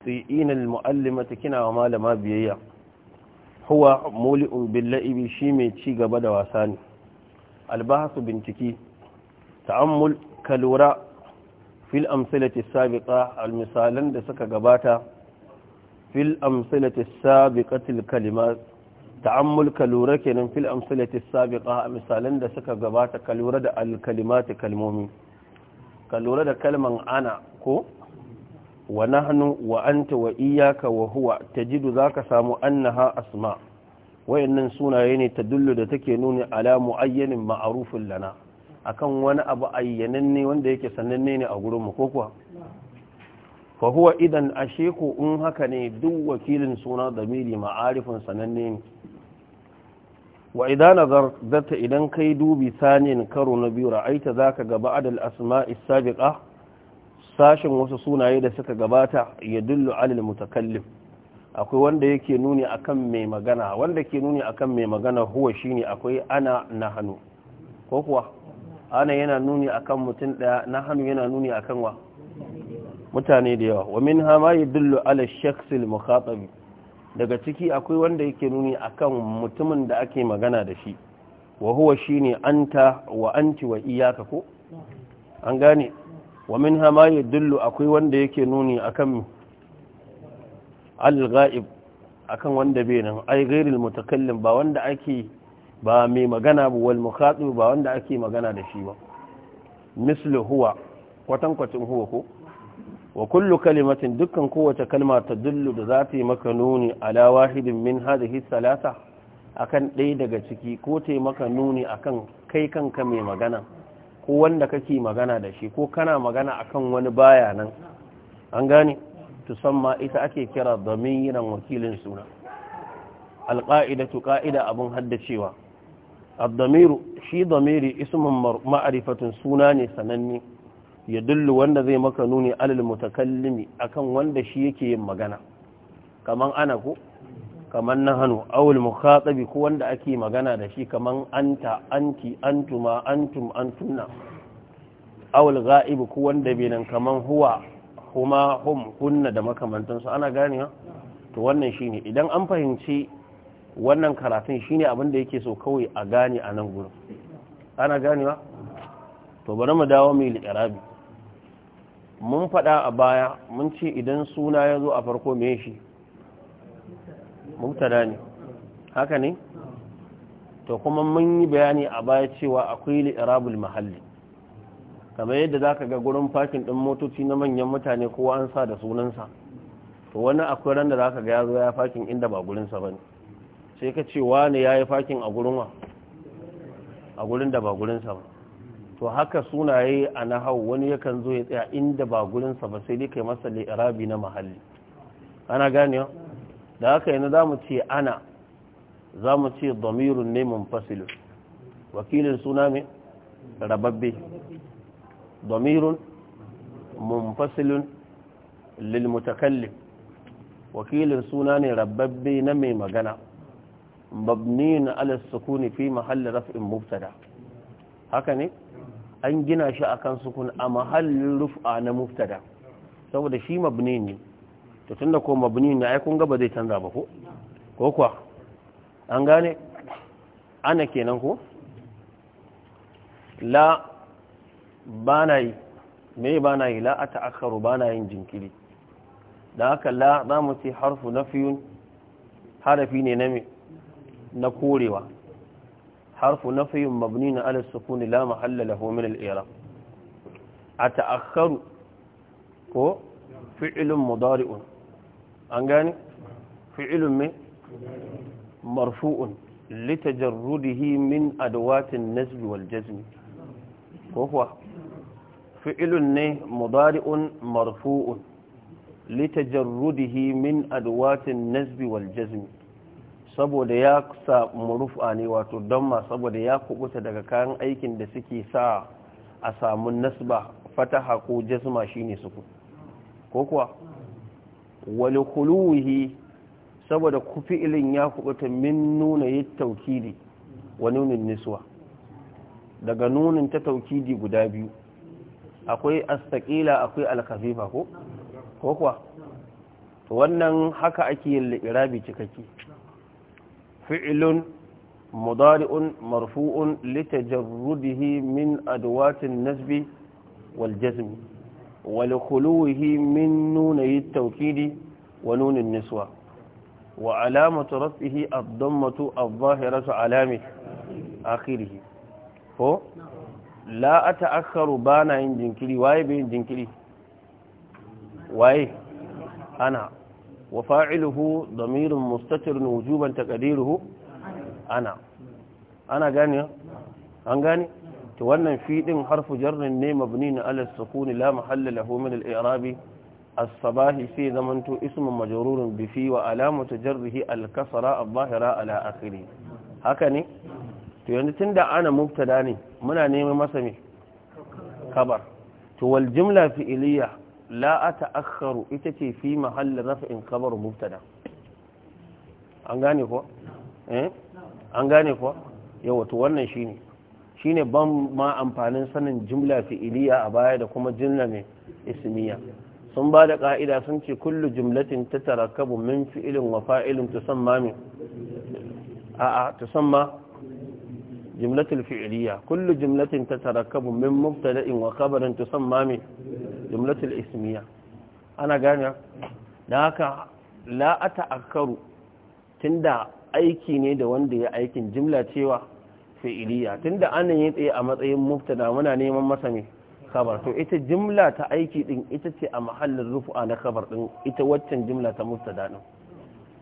tsi'in al-mu'allimata kina wa malama biyayya huwa muli'un bil-la'ibi shi mai ci gaba da wasa ne albahasu bincike ta'ammul kalura fil amsalati sabiqa al-misalan da suka gabata fil amsalati sabiqatil kalimat ta'ammul kalura kenan fil amsalati sabiqa misalan da suka gabata kalura da al-kalimati kalmomi kalura da kalman ana ko wa nahnu wa anta wa iyyaka wa huwa tajidu zaka samu annaha asma wayannan sunaye ne ta da take nuni ala muayyanin ma'arufin lana akan wani abu ayyananne wanda yake sananne ne a gurin mu ko kuwa fa huwa idan asheku in haka ne duk wakilin suna damiri ma'arifin sananne ne wa idza nazar idan kai dubi sanin karo na biyu ra'aita zaka ga ba'dal asma'is asma'i sashin wasu sunaye da suka gabata ya dullu alil mutakallim akwai wanda yake nuni akan mai magana wanda ke nuni akan mai magana huwa shine akwai ana na hannu ko kuwa ana yana nuni akan mutum daya na hannu yana nuni akan wa mutane da yawa wamin hama ya dullu ala shaksil al mukhatabi daga ciki akwai wanda yake nuni akan mutumin da ake magana da shi wa huwa shine anta wa anti wa iyaka ko an gane wa min hama ya dullu akwai wanda yake nuni akan al-ghaib akan wanda bai nan ai ghairil mutakallim ba wanda ake ba mai magana ba wal ba wanda ake magana da shi ba mislu huwa kwatan kwatin huwa ko wa kullu kalimatin dukkan kowace kalma ta dullu da za ta yi maka nuni ala wahidin min hadhihi akan ɗaya daga ciki ko ta yi maka nuni akan kai kanka mai magana ko wanda kake magana da shi ko kana magana akan wani baya nan an gane tusamma ita ake kira damiran wakilin suna alqa'idatu qa'ida abun haddacewa ad-damiru shi damiri ismun ma'rifatun suna ne sananne ya dullu wanda zai maka nuni alal mutakallimi akan wanda shi yake yin magana kaman ana ko kamar na hannu awul mukhatabi ko wanda ake magana da shi kamar anta anti antuma antum antuna awul ga'ibu ko wanda bai nan kamar huwa huma hum kunna da makamantansu ana ha to wannan shine idan an fahimci wannan karatun shine abin da yake so kawai a gane a nan gurin ana ha to bari mu dawo mu li'irabi mun faɗa a baya mun ce idan suna ya zo a farko me shi mubtada ne haka ne to kuma mun yi bayani a baya cewa akwai li'irabul mahalli kamar yadda zaka ga gurin fakin din motoci na manyan mutane kowa an sa da sunansa to wani akwai ran da zaka ga yazo ya fakin inda ba gurin sa bane sai ka ce wani yayi fakin a gurin wa a gurin da ba gurin sa ba to haka sunaye a nahau wani yakan zo ya tsaya inda ba gurin sa ba sai dai kai masa li'irabi na mahalli ana wa. da haka yana za mu ce ana za mu ce domirin neman fasilu wakilin suna mai rababbe domirin munfasilun lilmutakallim wakilin suna ne rababbe na mai magana mabniyin alasukuni fi mahallin raf'in muftada haka ne an gina shi a kan sukun a mahallin rufa na muftada saboda shi mabni ne to tunda ko mabni ne ai kun ga ba zai canza ba ko ko kuwa an gane ana kenan ko la banai yi me banai yi la ata'akharu bana yin jinkiri da haka la za mu ce harfu fiyun harafi ne na na korewa harfu nafiyun mabni na ala sukuni la mahalla lahu min al-i'rab ata'akharu ko fi'lun mudari'un an gane fi'ilun mai marfu'un litajarrudihi min adwatin nasbi wal jazmi ko kuwa fi'ilun ne mudari'un marfu'un litajarrudihi min adwatin nasbi wal jazmi saboda ya samu rufa ne wato damma saboda ya kubuta daga kayan aikin da suke sa a samun nasba fata hako jazma shine suku ko kuwa wali saboda ku ya kubuta min nuna yi taukidi wa nunin niswa daga nunin ta taukidi guda biyu akwai astakila akwai alkafifa ko ko kuwa wannan haka ake yin li'irabi cikakke fi'ilun mudari'un marfu'un litajarrudihi min adwatin nasbi wal jazmi ولخلوه من نوني التوكيد ونون النسوة وعلامة رفعه الضمة الظاهرة علامة آخره هو لا أتأخر بانا إن جنكلي واي بين جنكلي واي أنا وفاعله ضمير مستتر وجوبا تقديره أنا أنا غاني أنا غاني to wannan fi din harfu jarrin ne mabni na ala sukuni la mahalla lahu min al-i'rabi as-sabahi sai zamanto ismun majrurun bi fi wa alamatu jarrihi al-kasra adh-dhahira ala akhirih haka ne to yanzu tunda ana mubtada ne muna neman masa me kabar to wal jumla fi'liya la ata'akhkharu ita ce fi mahalli raf'in kabar mubtada an gane ko eh an gane ko yawa to wannan shine shine ban ma amfanin sanin jumla fi'iliya a baya da kuma jumla mai ismiya sun ba da ka'ida sun ce kullu jumlatin ta tarakabu min fi'ilin wa fa'ilin tusamma min a'a tusamma jumlatul fi'iliya kullu jumlatin ta tarakabu min mubtada'in wa khabarin tusamma min jumlatul ismiya ana gane da haka la ata'akkaru tunda aiki ne da wanda ya aikin jumla cewa fi'iliya tunda anan ya tsaye a matsayin muftada muna neman masa ne khabar to ita jimla ta aiki din ita ce a mahallin rufu'a na khabar din ita waccan jimla ta mubtada din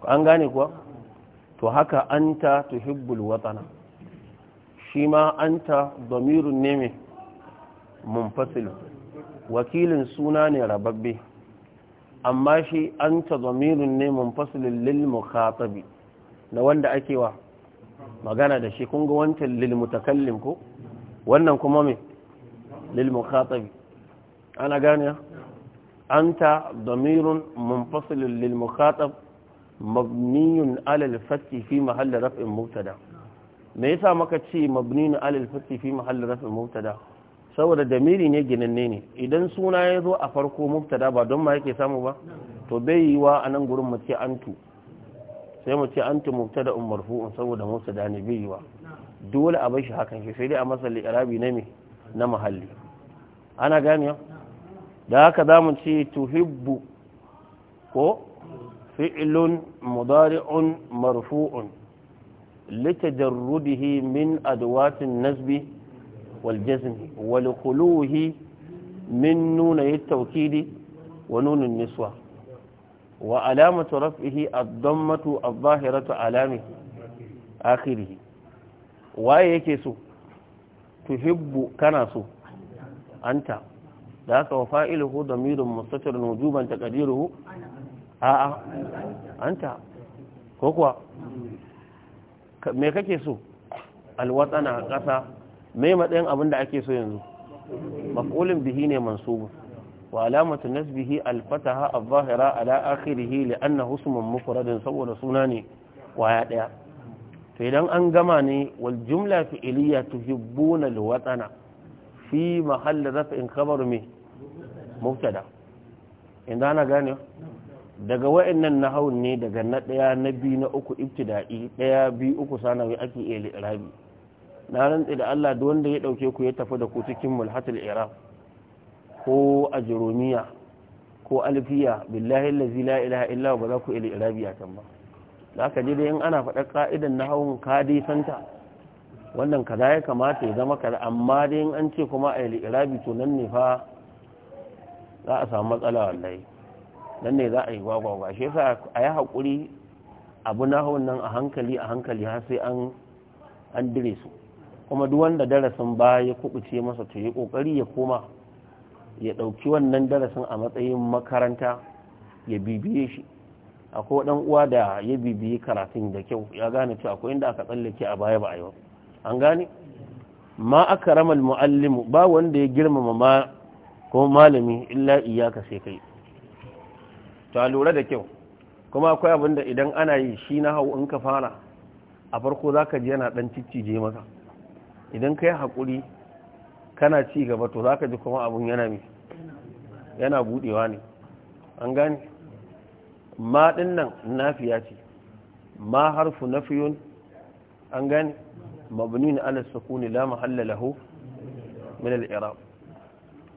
an gane kuwa to haka anta tuhibbul watana shi ma anta damirun ne mai munfasil wakilin suna ne rababbe amma shi anta damirun ne munfasil lil mukhatabi na wanda ake wa magana da shi kun ga wancan lil ko wannan kuma me lilmukhatabi mukhatabi ana gane anta damirun munfasilin lilmukhatab mabniyun alal al fi mahall raf'in mubtada me yasa maka ce mabniyun ala al fi mahall raf'in mubtada saboda damiri ne ginanne ne idan suna ya zo a farko mubtada ba don ma yake samu ba to bai yi wa anan gurin mu antu sai mu ce an mubtada um marfu'un saboda musa da ne biyuwa dole a bar shi hakan shi sai dai a masa rabi na muhalli na mahalli ana gane da haka za mu ce tuhibbu ko fi'lun mudari'un marfu'un wal من أدوات النسب min ولخلوه من taukidi wa nunun niswa. wa alamatu raf'ihi ad-dammatu adh-dhahiratu alami akhirih waye yake so tuhibbu kana so anta da haka wa fa'iluhu damirun mustatirun wujuban taqdiruhu a'a anta ko kuwa me kake so alwatsana ƙasa me matsayin abin da ake so yanzu maf'ulin bihi ne mansubun وعلامة نسبه الفتحة الظاهرة على آخره لأنه اسم مفرد صور سناني ne فإذا أنقماني والجملة فعلية تحبون الوطن في محل رفع خبر مه مبتدا إن أنا قاني daga wa'annan nahawun ne daga na ɗaya na biyu na uku ibtida'i ɗaya biyu uku sanawi ake iya rabi na rantse da Allah da wanda ya ɗauke ku ya tafi da ku cikin mulhatul iraq ko a jeromiya ko alfiya billahi lazi la ilaha illa ba za ku ila arabiya kan ba da ji je in ana faɗa ka'idan na hawan ka dai santa wannan kaza ya kamata ya zama kaza amma dai in an ce kuma a ila arabi to nan ne fa za a samu matsala wallahi nan ne za a yi gwagwa-gwagwa. ba shi yasa a yi haƙuri abu na nan a hankali a hankali har sai an an dire su kuma duk wanda darasin ba ya kubuce masa to ya kokari ya koma ya ɗauki wannan darasin a matsayin makaranta ya bibiye shi akwai ɗan uwa da ya bibiye karatun da kyau ya gane cewa akwai inda aka tsallake a baya ba a yau an gane ma aka rama mu'allimu ba wanda ya girmama ma ko malami illa iyaka sai kai ta lura da kyau kuma akwai abin da idan ana yi shi na hau in ka fara a farko za ka ji yana ɗan je maka idan ka yi haƙuri kana ci gaba to ka ji kuma abun yana mai yana budewa ne an gane ma din nan nafiya ce ma harfu nafiyun an gane na ala sukuni la mahalla lahu min al-i'rab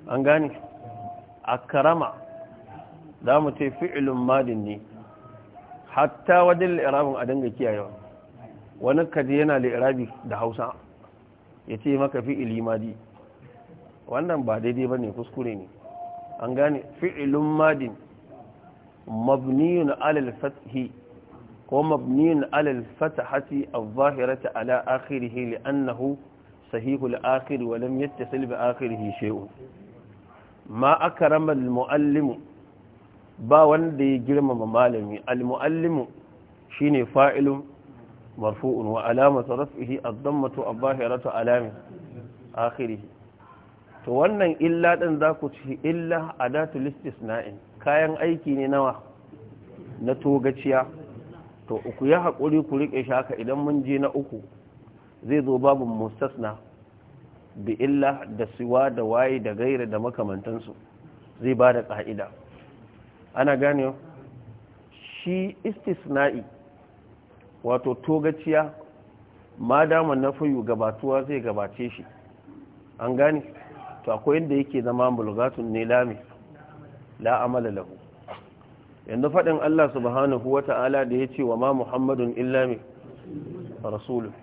an gane akrama za mu ce fi'ilun madin ne hatta wajen li'irabin a dinga kiyayewa wani kaji yana li'irabi da hausa ya ce maka fi'ili madi wannan ba daidai ba ne kuskure ne an gane fi'ilun madin mabniyun alal fathi ko mabniyun alal fatahati az ala akhirih li'annahu sahihul akhir wa lam yattasil bi akhirih shay'un ma akrama al-muallim ba wanda ya girmama malami al-muallim shine fa'ilun marfu'un wa alamatu raf'ihi ad-dammatu az-zahiratu alamin akhirih to wannan illa ɗin za ku ci illa a datulistis na'in kayan aiki ne nawa na togaciya to uku ya haƙuri ku riƙe shi haka idan mun je na uku zai zo babu mustasna bi illa da siwa da waye da gaira da makamantansu zai ba da ƙa'ida ana gane shi istisna'i wato togaciya ma dama na fayu gabatuwa zai gabace shi an gane to akwai yadda yake zama bulgatun ne lami la amala lahu yanzu fadin Allah subhanahu wa ta'ala da ya ce wa ma muhammadun illa mai rasulun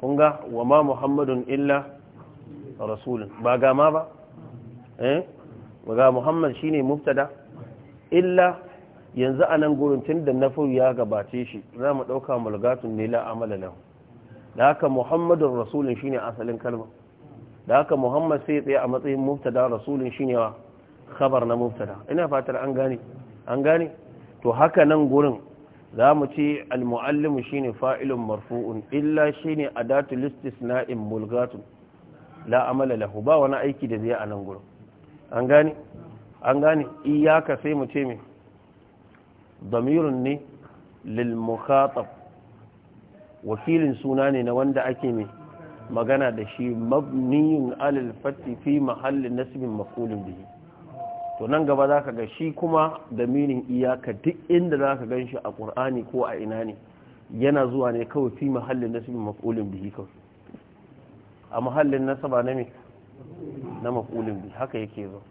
kunga wa ma muhammadun illa rasulun ba gama ba eh ga muhammad shine muftada illa yanzu a nan gurin tun da nafi ya gabace shi za mu ɗauka mulgatun ne la amala lahu da haka muhammadun rasulun shine asalin kalmar da haka muhammad sai tsaye a matsayin mubtada rasulun shine wa khabar na mubtada ina fatar an gane an gane to haka nan gurin za mu ce almu'allimu shine fa'ilun marfu'un illa shine adatul istisna'in mulgatun la amala lahu ba wani aiki da zai a nan gurin an gane an gane iyaka sai mu ce mai ne lil wakilin suna ne na wanda ake mai magana da shi mabniyun alal fati fi mahallin nasibin makulin bihi to nan gaba za ka ga shi kuma da minin iyaka duk inda za zaka shi a ƙur'ani ko a ina ne yana zuwa ne kawai fi mahallin nasibin maqulun bihi kawai a mahallin nasaba na me na makulin bihi haka yake zo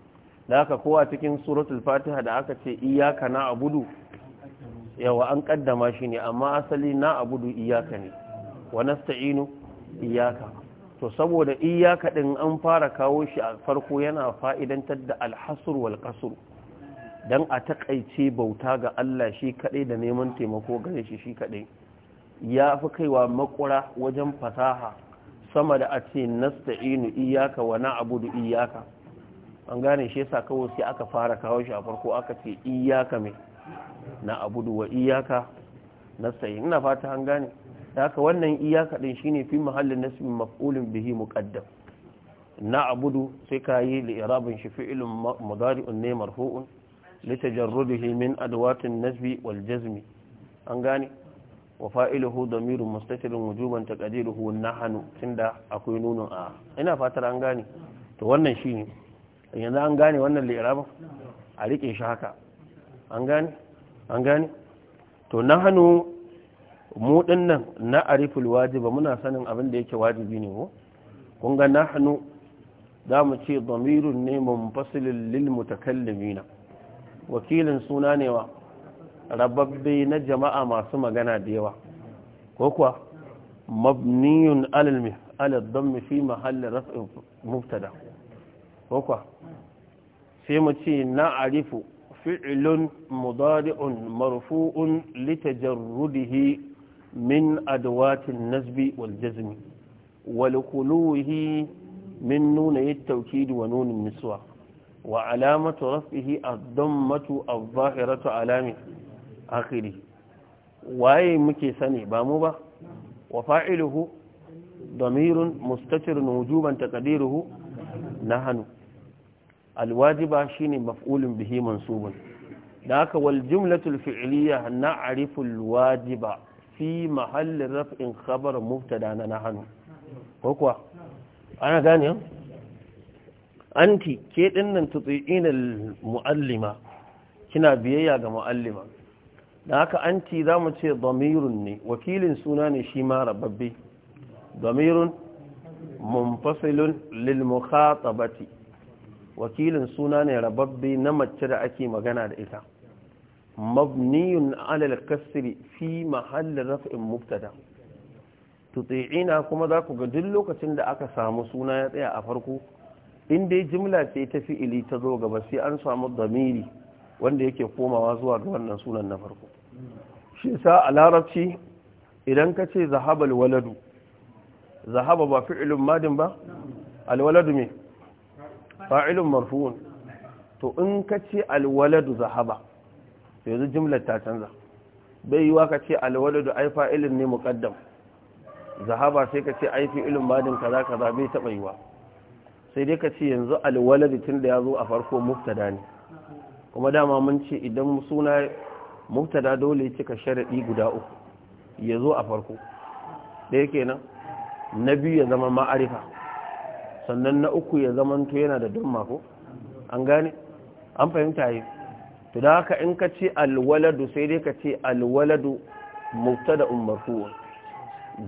da haka kowa cikin suratul fatiha da aka ce iyaka na abudu yawa an kaddama shi ne amma asali na abudu iyaka ne wa nasta'inu iyaka to saboda iyaka din an fara kawo shi a farko yana fa'idantar da alhasur wal qasr dan a takaice bauta ga Allah shi kadai da neman taimako gare shi shi kadai ya fi kaiwa makura wajen fasaha sama da a ce nasta'inu iyaka wa na'budu iyaka an gane shi yasa kawai sai aka fara kawo shi a farko aka ce iyaka mai na abudu wa iyaka nasta'in ina fata an gane haka wannan iyaka din shine fi mahallin nasbin maf'ulun bihi muƙaddam na abudu sai ka yi li'irabin shi fi'ilun mudari'un ne marfu'un litajarrudihi min adwatin nasbi wal jazmi an gane wa fa'iluhu damirun mustatirun wujuban taqdiruhu nahnu tunda akwai nunun a ina fatar an gane to wannan shine yanzu an gane wannan li'irabin a rike shi haka an gane an gane to nahnu mu nan na ariful wajiba muna sanin abin da yake wajibi ne ko kun ga nahnu za mu ce damirun ne munfasilin lil mutakallimina wakilin suna ne wa rababbe na jama'a masu magana da yawa ko kuwa mabniyun alal alal dammi fi mahalli raf'in mubtada ko kuwa sai mu ce na arifu fi'lun mudari'un marfu'un litajarrudihi min adawatin nasbi wal jazmi wal quluhi min nuna at-tawkid wa nun an-niswa wa alamatu rafihi ad-dammatu adh-dhahiratu alami waye muke sani ba mu ba wa fa'iluhu damirun mustatirun wujuban taqdiruhu nahnu alwajiba shine mafulin bihi mansubun da haka wal jumlatul na ariful alwajiba fi mahallin raf'in khabar mubtada na nahanu ko kuwa ana gane anti ke dinnan tuti'ina muallima kina biyayya ga muallima dan haka anti zamu ce damirun ne wakilin suna ne shi ma rababbe damirun munfasilun lil mukhatabati wakilin suna ne rababbe na mace da ake magana da ita مبني على الكسر في محل رفع مبتدا تطيعينا كما ذاك قدل لوكacin da aka samu suna ya tsaya a farko in dai jimla ce ta fi'ili ta zo gaba sai an samu damiri wanda yake komawa zuwa ga wannan sunan na farko shi yasa a idan ka ce zahabal waladu zahaba ba fi'ilun madin ba alwaladu me fa'ilun marfu'un to in ka ce alwaladu zahaba to yanzu jimlar ta canza bai yiwa ka ce da ai fa'ilin ne muqaddam zahaba sai ka ce madin ka za kaza kaza bai yi yiwa sai dai ka ce yanzu da tun da ya zo a farko muftada ne kuma dama mun ce idan suna muftada dole ya cika sharaɗi guda uku ya zo a farko da yake nan na biyu ya zama ma'arifa sannan na uku ya zama to yana da damma mako an gane an fahimta yi to da haka in ka ce alwaladu sai dai ka ce alwaladu mubtada marfu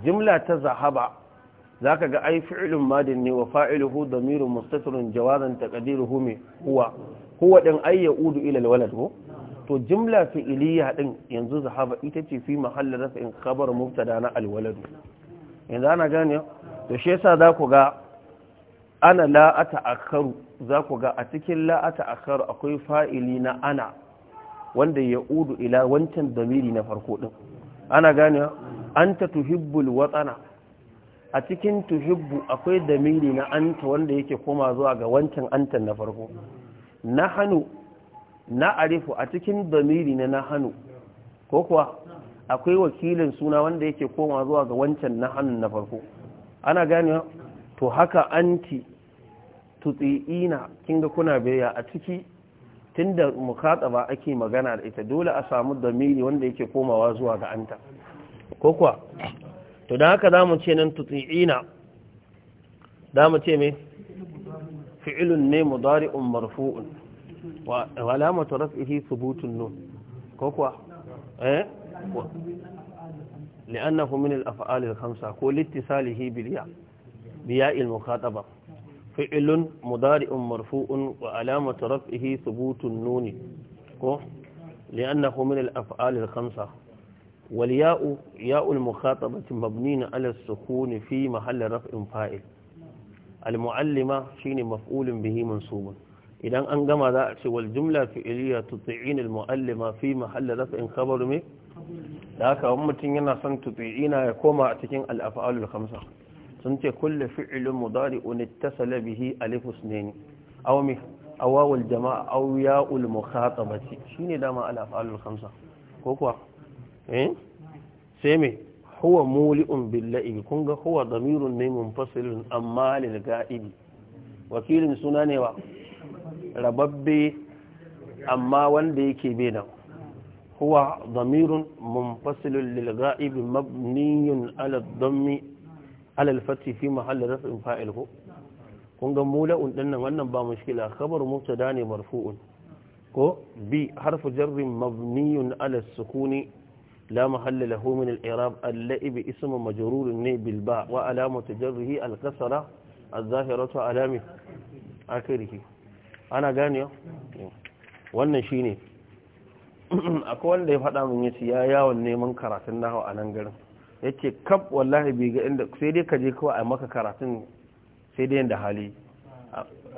jimla ta zahaba zaka ga ai fi'lun madin ne wa fa'iluhu damirun mustatirun jawazan taqdiruhu mi huwa huwa din ay yaudu ila alwalad to jimla fi'iliya din yanzu zahaba ita ce fi mahalli rafin khabar mubtada na alwaladu yanzu ana gane to shi yasa za ku ga ana la'ata akharu za ku ga a cikin la'ata akharu akwai fa'ili na ana wanda ya udu ila wancan damiri na farko din ana gane anta tuhibbul watsana a cikin tuhibbu akwai damiri na anta wanda yake koma zuwa ga wancan antan na farko nahanu arifu a cikin damiri na nahanu ko kuwa akwai wakilin suna wanda yake koma zuwa ga wancan nahanu na farko ana gane to haka anti tuti'ina kin ga kuna biyayya a ciki tunda mukhataba ake magana da ita dole a samu damiri wanda yake komawa zuwa ga anta ko kuwa to dan haka zamu ce nan tuti'ina zamu ce me fi'lun ne mudari'un marfu'un wa alamatu raf'ihi thubutun nun ko kuwa eh لأنه من الأفعال الخمسة كل اتصاله بالياء بياء المخاطبة فعل مضارع مرفوع وعلامة رفعه ثبوت النون لأنه من الأفعال الخمسة والياء ياء المخاطبة مبنين على السكون في محل رفع فائل المعلمة شين مفعول به منصوب إذا أنقم ذا والجملة فعلية تطيعين المعلمة في محل رفع خبر من ذاك أمتين ينا سن تطيعين يكوما أتكين الأفعال الخمسة sun ce kulle fi'ilin mudari unittasala bihi alifus ne aw a wawul jama'a aw ya'ul shi shine dama alafalul khamsa ko kuwa eh sai mai huwa muli'un billa'i kun ga huwa damirun ne munfasilun amma lil wakilin suna ne wa rababbe amma wanda yake bai huwa damirun mun lil ga'ibi mabniyun ala alal fati fi mahalli rafin fa'il ko kun ga mula'un din nan wannan ba mushkila khabar mubtada ne marfu'un ko bi harfu jarrin mabniyun ala sukuni la mahalla lahu min al-i'rab al-la'ib ne bil ba wa alamatu jarrihi al-kasra al-zahiratu alami akhirih ana gane wannan shine akwai wanda ya faɗa mun yace ya yawon neman karatun nahawa a nan garin ya ce kaf wallahi bai ga inda sai dai ka je kawai a maka karatun sai dai yadda hali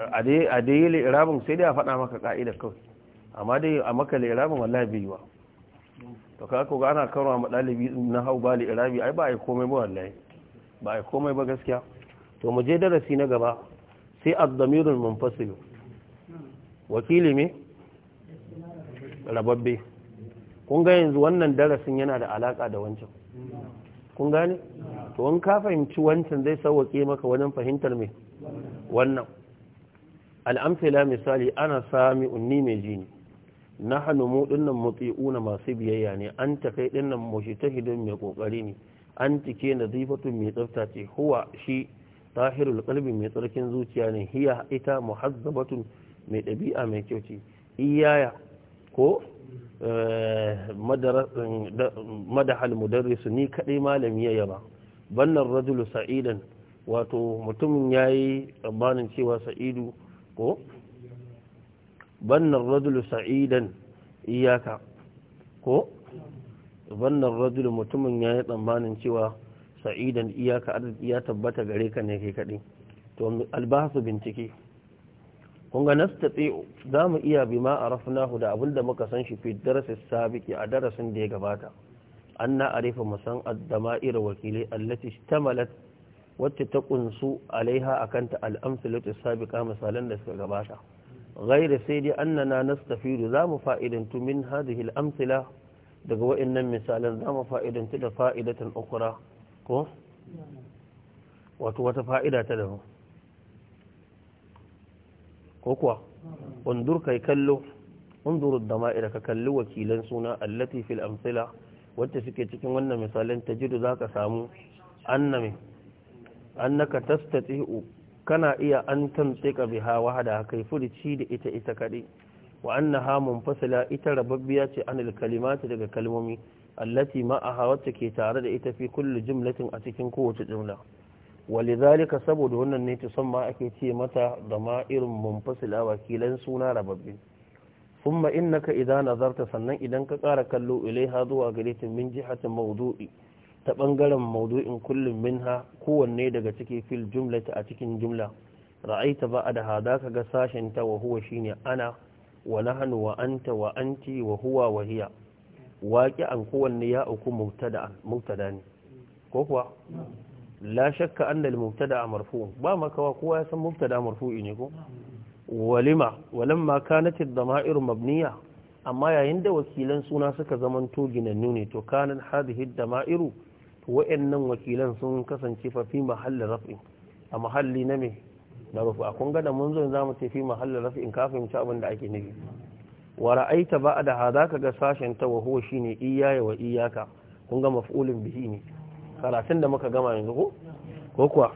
a dai yi lirabin sai dai a faɗa maka ka'ida kawai amma dai a maka lirabin wallahi bai yi wa to ka ko ana karo ma ɗalibi na hau ba lirabi ai ba a yi komai ba wallahi ba a yi komai ba gaskiya to mu je darasi na gaba sai azzamirul munfasilu wakili me rababbe kun ga yanzu wannan darasin yana da alaka da wancan kun gane to in ka fahimci wancan zai sauwake maka wajen fahimtar mai wannan al'amfila misali ana sami unni mai jini ne na hannu mu matsi'u na masu biyayya ne an ta kai dinnan mashi ta hidin mai kokari ne an tike na zifatun mai tsafta ce huwa shi tahirul kalbi mai tsarkin zuciya ne hiya ita muhazzabatun mai ɗabi'a mai kyau ce iyaya ko madahal mudarrisu ni kadai malami ya yaba bannan rajulu sa'idan wato mutumin yayi tsammanin cewa sa'idu ko bannan rajulu sa'idan iyaka ko bannan rajulu mutumin yayi tsammanin cewa sa'idan iyaka ya tabbata gare ka ne kai kadai to albasu bincike kun ga nastati za mu iya bi ma rafinahu da abinda muka san shi fi darasin sabiki a darasin da ya gabata an na arifa musan addama'ir wakilai allati tamalat wacce ta kunsu alaiha kanta al'amsalatu sabika misalan da suka gabata sai dai na fa'idantu min hadihil نستفيد daga مفائدة من هذه الأمثلة دقوا إن مثالا fa'idatan مفائدة ko wata fa'ida ta daban ko kuwa undur kai kallo undur dama'ira ka kalli wakilan suna allati fil amsila wacce suke cikin wannan misalan tajidu zaka samu annami annaka tastati'u kana iya an ka biha wahada kai furici da ita ita kadai wa annaha munfasila ita rababbiya ce anil kalimati daga kalmomi allati ma'aha wacce ke tare da ita fi kullu jumlatin a cikin kowace jumla walizalika saboda wannan ne ta tusamma ake ce mata da ma irin munfasila wakilan suna rababbi thumma innaka idza nazarta sannan idan ka ƙara kallo ilaiha zuwa gare ta min jihati mawdu'i ta bangaren mawdu'in kullum minha kowanne daga cikin fil jumla ta a cikin jumla ra'aita a da hada ga sashen ta wa huwa shine ana wa nahnu wa anta wa anti wa huwa wa hiya an kowanne ya uku mubtada mubtada ne ko kuwa la shakka anna al-mubtada marfu ba makawa kowa ya san mubtada marfu'i ne ko walima walamma kanat ad-dama'ir mabniya amma yayin da wakilan suna suka zamanto ginannu ne to kanan hadhihi ad-dama'iru wa'annan wakilan sun kasance fa fi mahalli a mahalli na me na rufu kun ga da mun zo zamu ce fi mahalli raf'in ka fahimci abin da ake nufi wa ra'aita ba'da hadaka ga sashen ta wa huwa shine iyaya wa iyaka kun ga maf'ulun bihi ne karatun da muka gama yanzu ko ko kuwa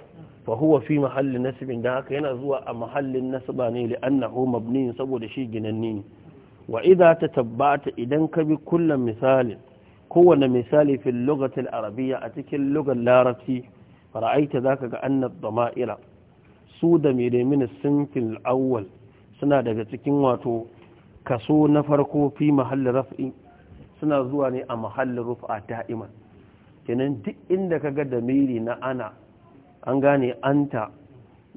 fa huwa fi mahallin nasibin da haka yana zuwa a mahallin nasba ne li annahu mabni saboda shi ginanni ne wa idza tatabbata idan ka bi kullum misali kowane misali fil lughati al arabiyya a cikin lugar larabci ra'aita zaka ga anna dama'ira su da mere min sinfil awwal suna daga cikin wato kaso na farko fi mahallin raf'i suna zuwa ne a mahallin rufa ta'iman. kenan duk inda kaga da miri na ana an gane anta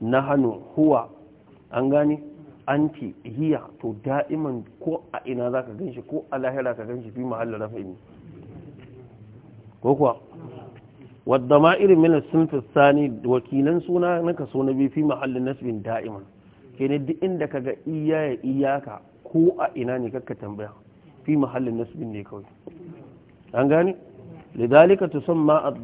na hannu huwa an gane anti hiya to da'iman ko a ina za ka ganshi ko a lahira ka ganshi fi mahalla rafa ne ko kuwa wadda ma irin minas sun fistani wakilan suna na kaso na biyu fi mahallin nasibin da'iman kenan duk inda ka ga iya ya iyaka ko a ina ne kakka tambaya fi mahallin nasibin ne kawai an gane lidalika tusamma ad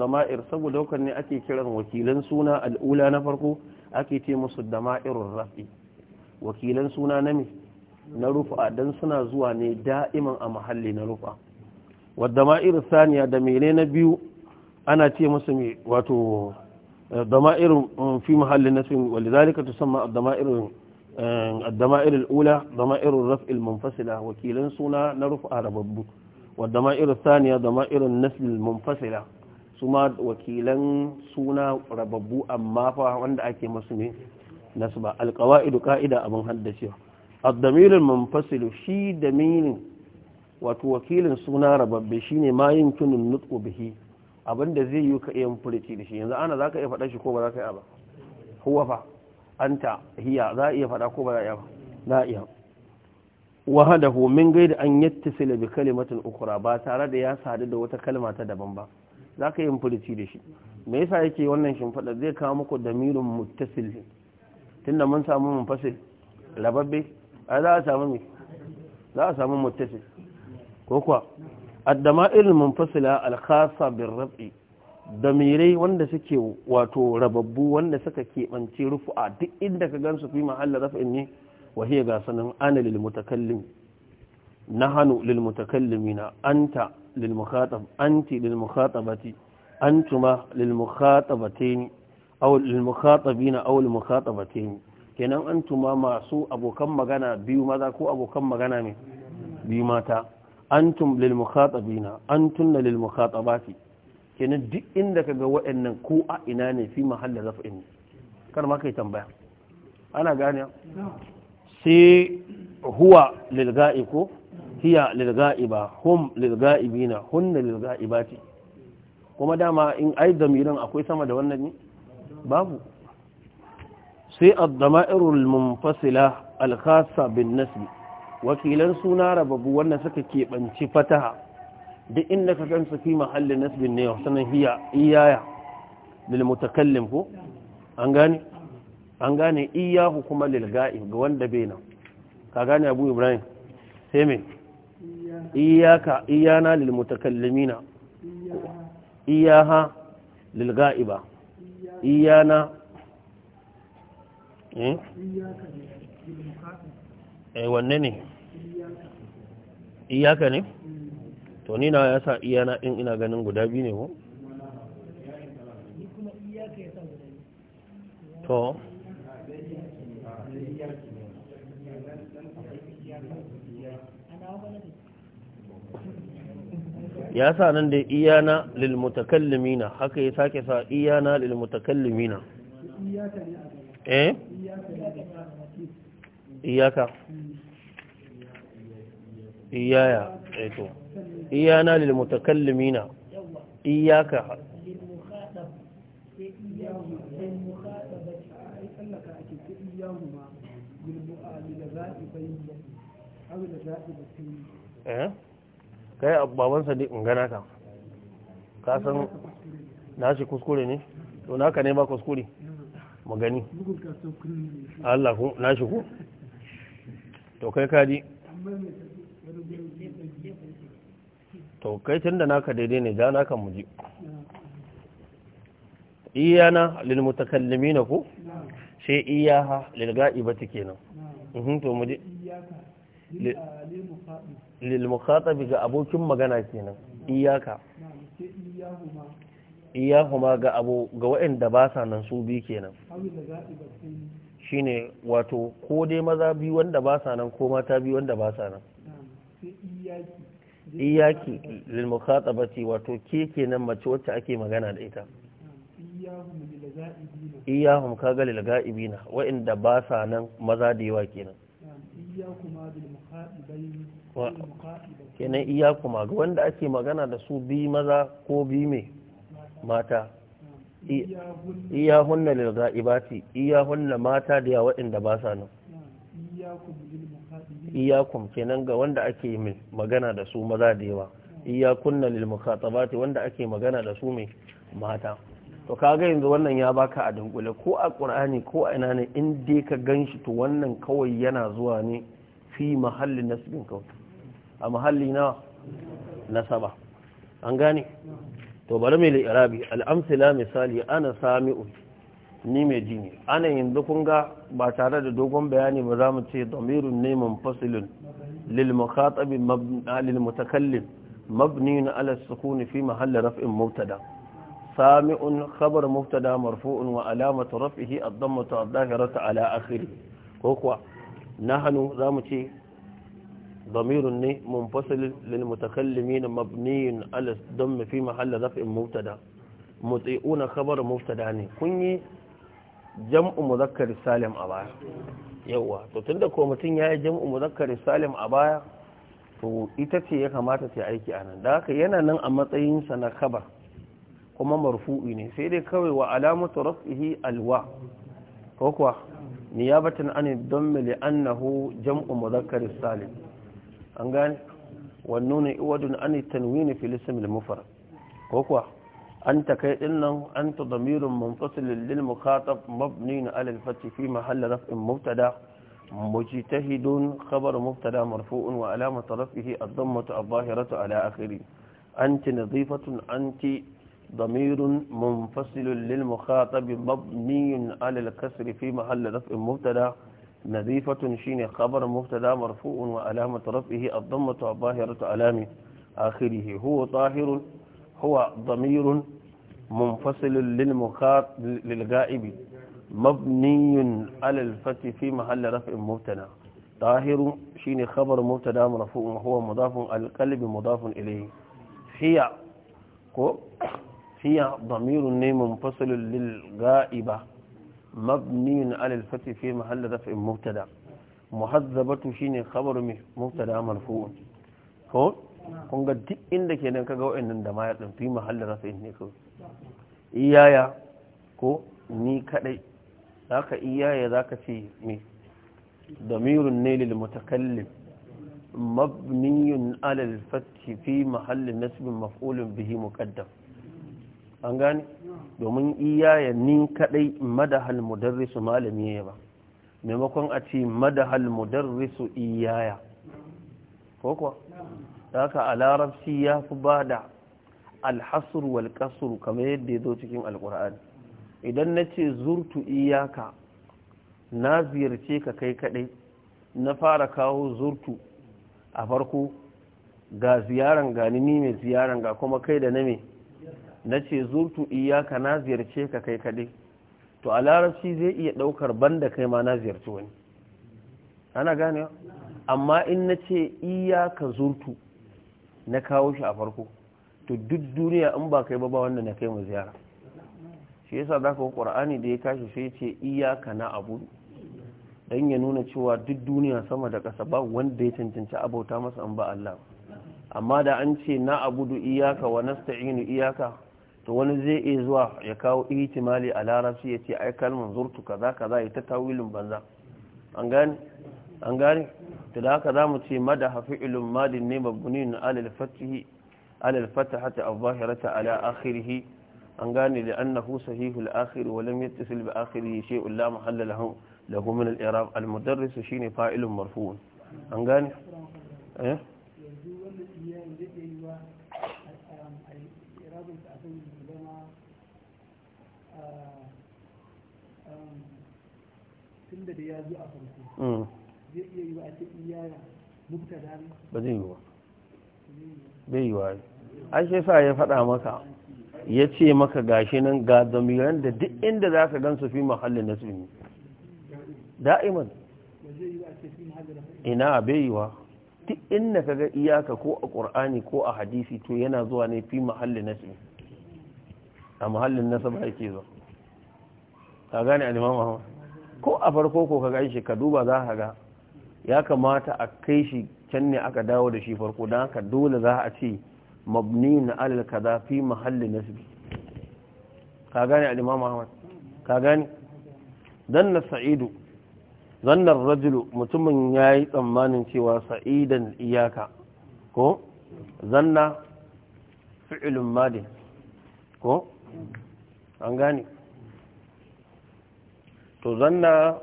saboda hakan ake kiran wakilan suna al'ula na farko ake ce musu dama'irur rafi wakilan suna na na rufa dan suna zuwa ne da'iman a mahalli na rufa wa dama'ir saniya da mene na biyu ana ce musu me wato dama'ir mm, fi mahalli nasb walidalika tusamma ad-dama'ir eh, ad-dama'ir al-ula dama'irur raf'il munfasila wakilan suna na rufa rababbu wa irin saniya irin nasil munfasila su ma wakilan suna rababbu amma fa wanda ake masu ne nasba alqawaidu qa'ida abin haddacewa ad munfasilu shi damirin wato wakilin suna rababbe shine ma yumkinun nutqu bihi abinda zai yi ka iya furici da shi yanzu ana zaka iya faɗa shi ko ba zaka iya ba huwa fa anta hiya za iya faɗa ko ba za iya ba za iya wahadahu min gaida an yattasila bi kalimatin ukura ba tare da ya sadu da wata kalma ta daban ba za ka yi furuci da shi me yasa yake wannan shimfiɗa zai kawo muku damirin muttasil tunda mun samu fasi rababbe a za a samu me za a samu muttasil ko kuwa mun munfasila al-khassa bir rab'i damirai wanda suke wato rababbu wanda suka keɓance rufu'a duk inda ka gansu fi mahalla raf'in ne وهي غاسن انا للمتكلم نحن للمتكلمين انت للمخاطب انت للمخاطبة انتما للمخاطبتين او للمخاطبين او المخاطبتين kenan antuma masu abokan magana biyu maza ko abokan magana ne biyu mata antum lil mukhatabina antunna lil mukhatabati kenan duk inda kaga waɗannan ko a ina ne fi mahallin raf'in kar ma kai tambaya ana gane sai huwa lilga'i ko hiya ba hum lilga'ibina hunna lilga'ibati kuma dama in ai damirin akwai sama da wannan ne babu sai ad-dama'irul munfasila al-khassa bin nasbi wakilan suna rababu wannan suka keɓanci fataha duk inda ka gansu fi mahallin nasbin ne sanan hiya iyaya lil ko an gane an gane iya hukumar lilga'i ga wanda bai nan ka gane abu ibrahim sai me iyaka iyana lil mutakallimina iyaha lil ga'iba iyana eh eh wanne ne iyaka ne mm. to ni na ya yasa iyana in ina ganin guda biyu ne ko to ya sa nan da iyana lil mutakallimina haka ya sake sa iyana lil mutakallimina eh iyaka iyaya eto eh iyana lil mutakallimina iyaka eh kai abu babansa ne in gana ka ka san na shi kuskure ne to naka ne ba kuskure mu gani Allah ku na shi ku to kai kaji to kai tun da naka daidai ne ja naka muji iyana lil mutakallimina ku sai iyaha lil ga'ibati kenan mhm to muji iyaka Uh, lil ga abokin magana kenan iyaka iyahuma ga abu ga waɗanda ba sa nan su bi kenan shine wato ko dai maza bi wanda ba sa nan ko mata bi wanda ba sa nan iyaki lil mukhatabati wato ke kenan mace wacce ake magana da ita iyahum kaga lil ga'ibina waɗanda ba sa nan maza da yawa kenan kenan iya kuma ga wanda ake magana da su bi maza ko bi me mata iya hunna lil ga'ibati iya hunna mata da yawa inda ba sa nan kuma kenan ga wanda ake magana da su maza da yawa iya kunna lil mukhatabati wanda ake magana da su me mata to kaga yanzu wannan ya baka a dunkule ko a ƙur'ani ko a ina ne in dai ka ganshi to wannan kawai yana zuwa ne fi mahalli nasbin ka a mahalli na nasaba an gane to bari mai li'irabi al'amsila misali ana sami'u ni mai jini ana yanzu kun ga ba tare da dogon bayani ba za mu ce damirun neman fasilin lil mukhatabi lil mutakallim mabni ala sukuni fi mahalli raf'in mubtada' سامع خبر مبتدا مرفوع وعلامه رفعه الضمه الظاهره على اخره كوكو نحن ذامتي ضمير ني منفصل للمتكلمين مبني على الضم في محل رفع مبتدا مطيئون خبر مبتدا ني كني جمع مذكر سالم ابا يوا تو تندا كو متين ياي جمع مذكر سالم ابا تو to يا ce تي ايكي انا aiki anan da haka yana nan a matsayin sa na khabar kuma marfu'i ne sai dai kawai wa alamatu raf'ihi alwa ko kuwa niyabatan an dammi li annahu jam'u mudhakkar salim an gane wan nunu iwadun an tanwin fi ism al mufrad ko kuwa anta kai dinnan anta damirun munfasil lil mukhatab mabni ala al fath fi mahall raf'in mubtada مجتهد خبر مبتدا مرفوع وعلامة رفعه الضمة الظاهرة على آخره أنت نظيفة أنت ضمير منفصل للمخاطب مبني على الكسر في محل رفع مبتدا نظيفة شين خبر مبتدا مرفوع وعلامة رفعه الضمة الظاهرة علامة آخره هو طاهر هو ضمير منفصل للمخاطب للغائب مبني على الفتح في محل رفع مبتدا طاهر شين خبر مبتدا مرفوع وهو مضاف القلب مضاف إليه هي هي ضمير منفصل للغائبة مبني على الفتح في محل دفع مبتدا muhazzabatu shine khabaru mai mubtada marfu'un ko kun ga duk inda kenan kaga wayannan da ma ya din fi ne ko iyaya ko ni kadai zaka iyaya zaka ce me damirun ne lil mutakallim mabniyun ala al-fath fi bihi muqaddam an gane domin iyaye ni kadai madahal mudarrisu malami ya ba maimakon a ce madahal mudarrisu iyaya ko kuwa haka a larabci ya fi ba da alhassur wal kasur kamar yadda ya zo cikin alkur'ani idan na ce zurtu iyaka na ziyarce ka kai kadai na fara kawo zurtu a farko ga ziyaran ga ni mai ziyaran ga kuma kai da na mai na ce zurtu iyaka na ziyarce ka kai kaɗai to a larabci zai iya ɗaukar banda kai ma na ziyarci wani ana gane amma in na ce iyaka zurtu na kawo shi a farko to duk duniya in ba kai ba wanda na kai mu ziyara shi yasa za ka ƙur'ani da ya tashi sai ce iyaka na abu don ya nuna cewa duk duniya sama da ƙasa ba wanda ya cancanci abauta masa in ba Allah amma da an ce na abudu iyaka wa nasta'inu iyaka to wani zai iya zuwa ya kawo ihtimali a larabci ya ce ai kalmar zurtu kaza kaza ya ta tawilin banza an gane an gane to da haka zamu ce mada hafi'ilun madin ne mabbunin alal fatihi alal fatahati az-zahirata ala akhirih an gane da annahu sahihul akhir wa lam yattasil bi akhirih shay'un la mahalla lahu lahu min al-i'rab al-mudarris shine fa'ilun marfu'un an gane eh abin zama um, tun da da ya zo a farko mm. zai iya yi ake ba zai yi ba bai yi wa sa ya faɗa maka ya ce maka gashi nan ga zamiran da duk inda za ka gan su fi mahallin na sunyi da'iman ina bai yi wa duk inda ka ga iyaka ko a ƙur'ani ko a hadisi to yana zuwa ne fi mahallin na sunyi a muhallin nasaba yake zo ka gane alimamu hawa ko a farko ko ka gan shi ka duba za ka ga ya kamata a kai shi can ne aka dawo da shi farko don haka dole za a ce mabni na alal za fi muhallin nasbi ka gane alimamu hawa ka gane don na sa'idu zannar rajulu mutumin ya yi tsammanin cewa sa'idan iyaka ko zanna fi'ilun madin ko an gane to zanna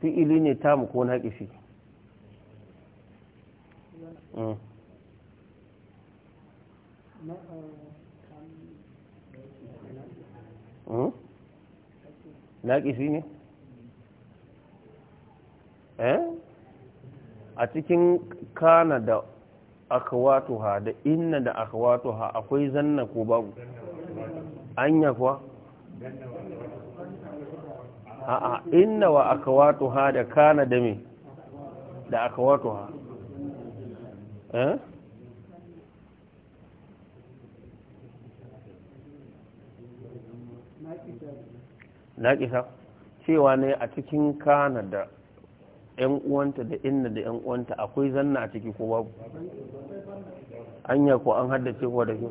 fi'ili ne tamu ko na ƙifi mm. Mm. na ƙifi ne eh? a cikin kana da akwatuha da inna da akwatuha akwai zanna ko babu anya kuwa a'a inna wa ha da kana da me da aka ha eh? na kisa cewa ne a cikin kana da ‘yan uwanta da inna da ‘yan uwanta akwai zanna a ciki ko babu anya ko an haddace ko da kyau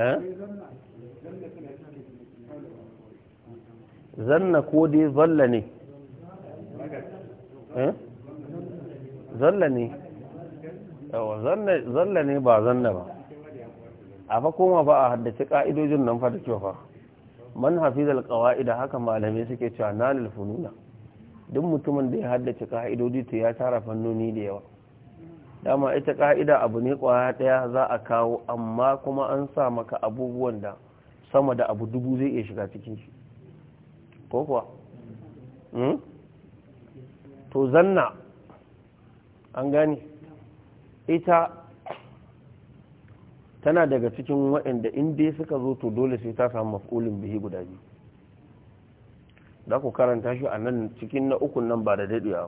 Eh? zanna ko dai zalla ne eh? zalla ne zalla ne ba zanna ba a fa koma ba a haddace ka'idojin nan fa da fa man hafizal kawaida haka malamai suke cewa nalil fununa duk mutumin da ya haddace ka'idoji to ya tara fannoni da yawa dama ita ka'ida abu ne kwaya daya za a kawo amma kuma an sa maka abubuwan da sama da abu dubu zai iya shiga cikin shi ko kuwa hmm? to zanna an gani ita tana daga cikin waɗanda inda suka zo to dole sai ta samu maf'ulin bihi guda biyu da ku karanta shi a nan cikin na ukun nan ba da daɗewa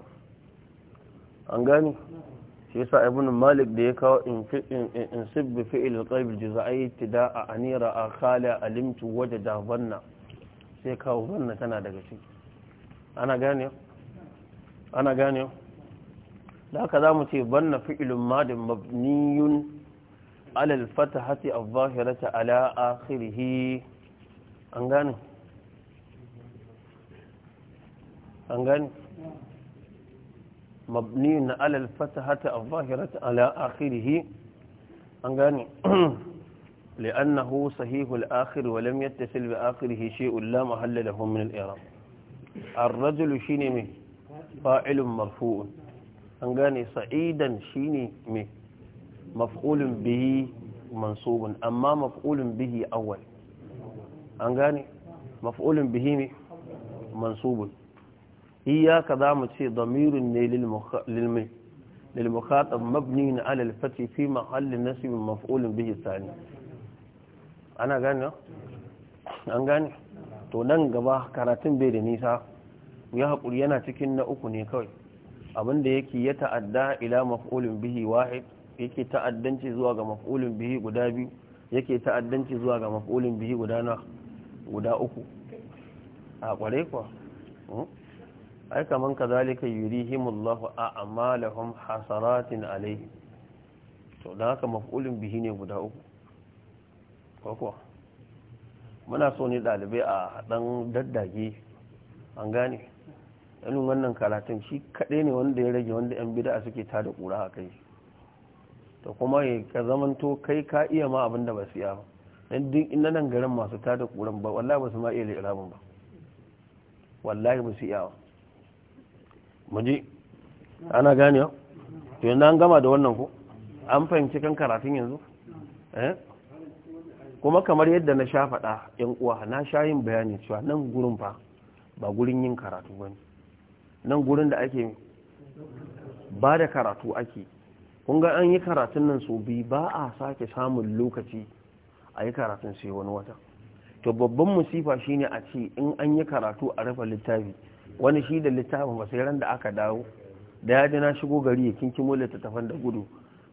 an gani shi yasa ibn malik da ya kawo in sibbi fi'il qaib juz'ai tida'a anira khala alimtu wajada banna sai kawo banna tana daga ciki ana gane ana gane da haka zamu ce banna fi'ilun madin mabniyun ala al-fatahati adh-dhahirati ala akhirih an gane an gane مبني على الفتحة الظاهرة على آخره أنغاني لأنه صحيح الآخر ولم يتصل بآخره شيء لا محل له من الإعراب الرجل شيني مي فاعل مرفوع أنغاني سعيدا شيني مي مفعول به منصوب أما مفعول به أول أنغاني مفعول به منصوب iyaka za mu ce damirin ne lilmai للمخاطب مبني على الفتح في محل نسب مفعول bihi sani ana gane an gani to nan gaba karatun bai da nisa ya haƙuri yana cikin na uku ne kawai abinda yake ya ta'adda ila maf'ulun bihi wahid yake ta'addanci zuwa ga maf'ulun bihi guda biyu yake ta'addanci zuwa ga maf'ulun bihi guda na guda uku a kware kuwa hmm? ai kaman kazalika yurihimullahu a'malahum hasaratin alaihi to da haka maf'ulun bihi ne guda uku ko muna so ne dalibai a dan daddage an gane yanin wannan karatun shi kaɗai ne wanda ya rage wanda 'yan bida suke ta da ƙura a kai to kuma ka zamanto kai ka iya ma abin ba su iya ba duk inda nan garin masu tada da ƙuran ba wallahi ba su ma iya lirabin ba wallahi ba su iya ba muje ana ganewa to yanzu an gama da wannan ko an fahimci kan karatun yanzu eh? kuma kamar yadda na sha faɗa ‘yan uwa na sha yin bayani cewa nan gurin fa ba gurin yin karatu ba nan gurin da ake ba da karatu ake kun ga an yi karatun nan su bi ba a sake samun lokaci a yi karatun sai wani wata to babban musifa shine a ce in an yi karatu a rufe littafi wani shi da littafin ba sai ran da aka dawo da ya ji na shigo gari ya kinki mu littattafan da gudu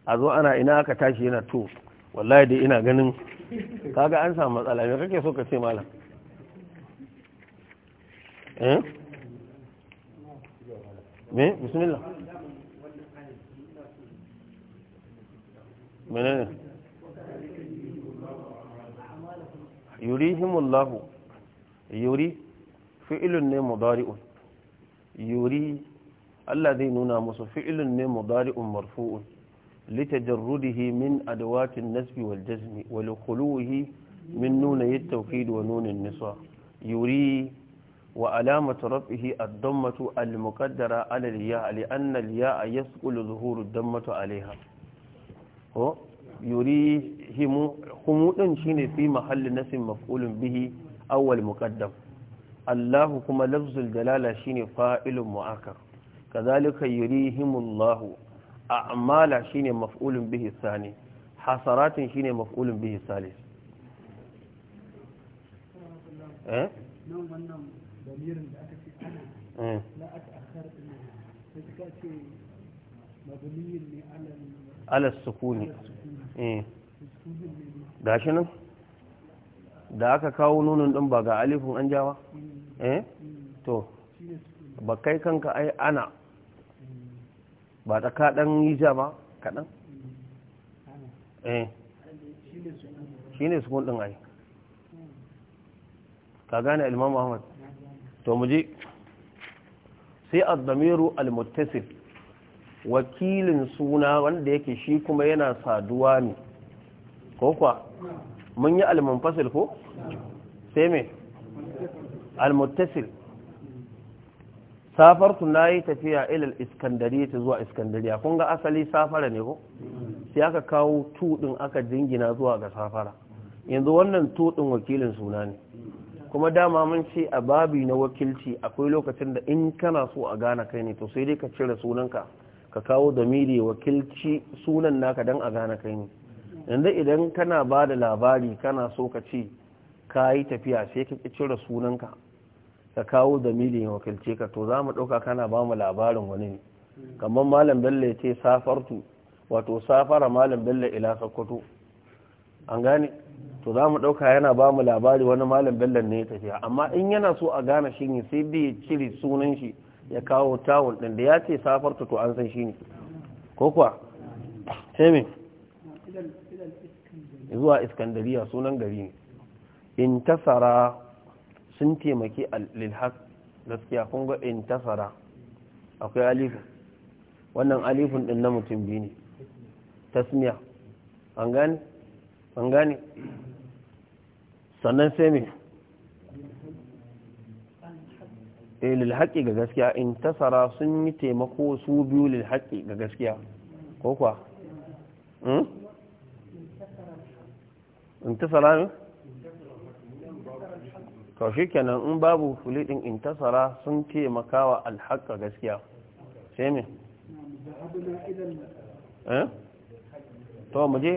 a zo ana ina aka tashi yana to wallahi dai ina ganin kaga an samu matsala me kake so ka ce malam eh me bismillah menene yurihimullahu yuri fi'ilun ne mudari'un yuri Allah zai nuna musu fi’ilin ne mubari’un marfu’un litajarrudihi min adawatin nasbi wal jazmi wal kuluhi min nuna yi taukidu wa nunin niswa yuri wa alamata rafihi a dammatu al-muqaddara alaliya al’annaliya a ya zuhuru dammatu alaiha yuri himu ɗin shi ne fi mahalli nasin mafulun bihi awwal muqaddam Allahu kuma lafzul dalala shine fa'ilun mu'akkar كذلك يريهم a'mala shine maf'ulun bihi sani hasaratin shine maf'ulun bihi به الثالث eh? da aka da aka kawo nunun din ba ga alifin an jawa eh to ba kai kanka ai ana ba ta kaɗan yi ja ba kaɗan eh shi ne sukun ɗin ai ka gane ilmam muhammad to mu je sai al almuttasif wakilin suna wanda yake shi kuma yana saduwa ne ko kwa mun yi al-mumfasil ko sai me al سافرت ناي na yi tafiya ilal اسكندريه ta zuwa iskandare kun ga asali safara ne ko sai aka kawo tu din aka dingina zuwa ga safara yanzu wannan tu din wakilin suna ne kuma dama mun ce a babi na wakilci akwai lokacin da in kana so a gana kai ne to sai dai ka cire sunanka ka kawo damiri wakilci sunan naka dan a gana kai ne yanzu idan kana bada labari kana so ka ce ka tafiya sai ka cire sunanka ka kawo zamiri ya wakilce ka to za mu ɗauka kana ba mu labarin wani ne kamar malam bello ya ce safartu wato safara malam bello ila sokoto an gane to za mu ɗauka yana ba mu labari wani malam bello ne ya tafiya amma in yana so a gane shi ne sai bai cire sunan shi ya kawo tawon ɗin da ya ce safartu to an san shi ne ko kuwa sai zuwa iskandariya sunan gari ne intasara sun taimaki lilhaq gaskiya kun ga intasara akwai alifin wannan alifin din na mutum biyu ne tasmiya an gane an gane sannan sai mai e eh, lilhaƙi ga gaskiya in tasara sun yi taimako su biyu lilhaƙi ga gaskiya ko kuwa? Hmm? in tasara ne? to kenan in babu fulidin intasara sun taimaka wa alhaka gaskiya sai me eh? to mu je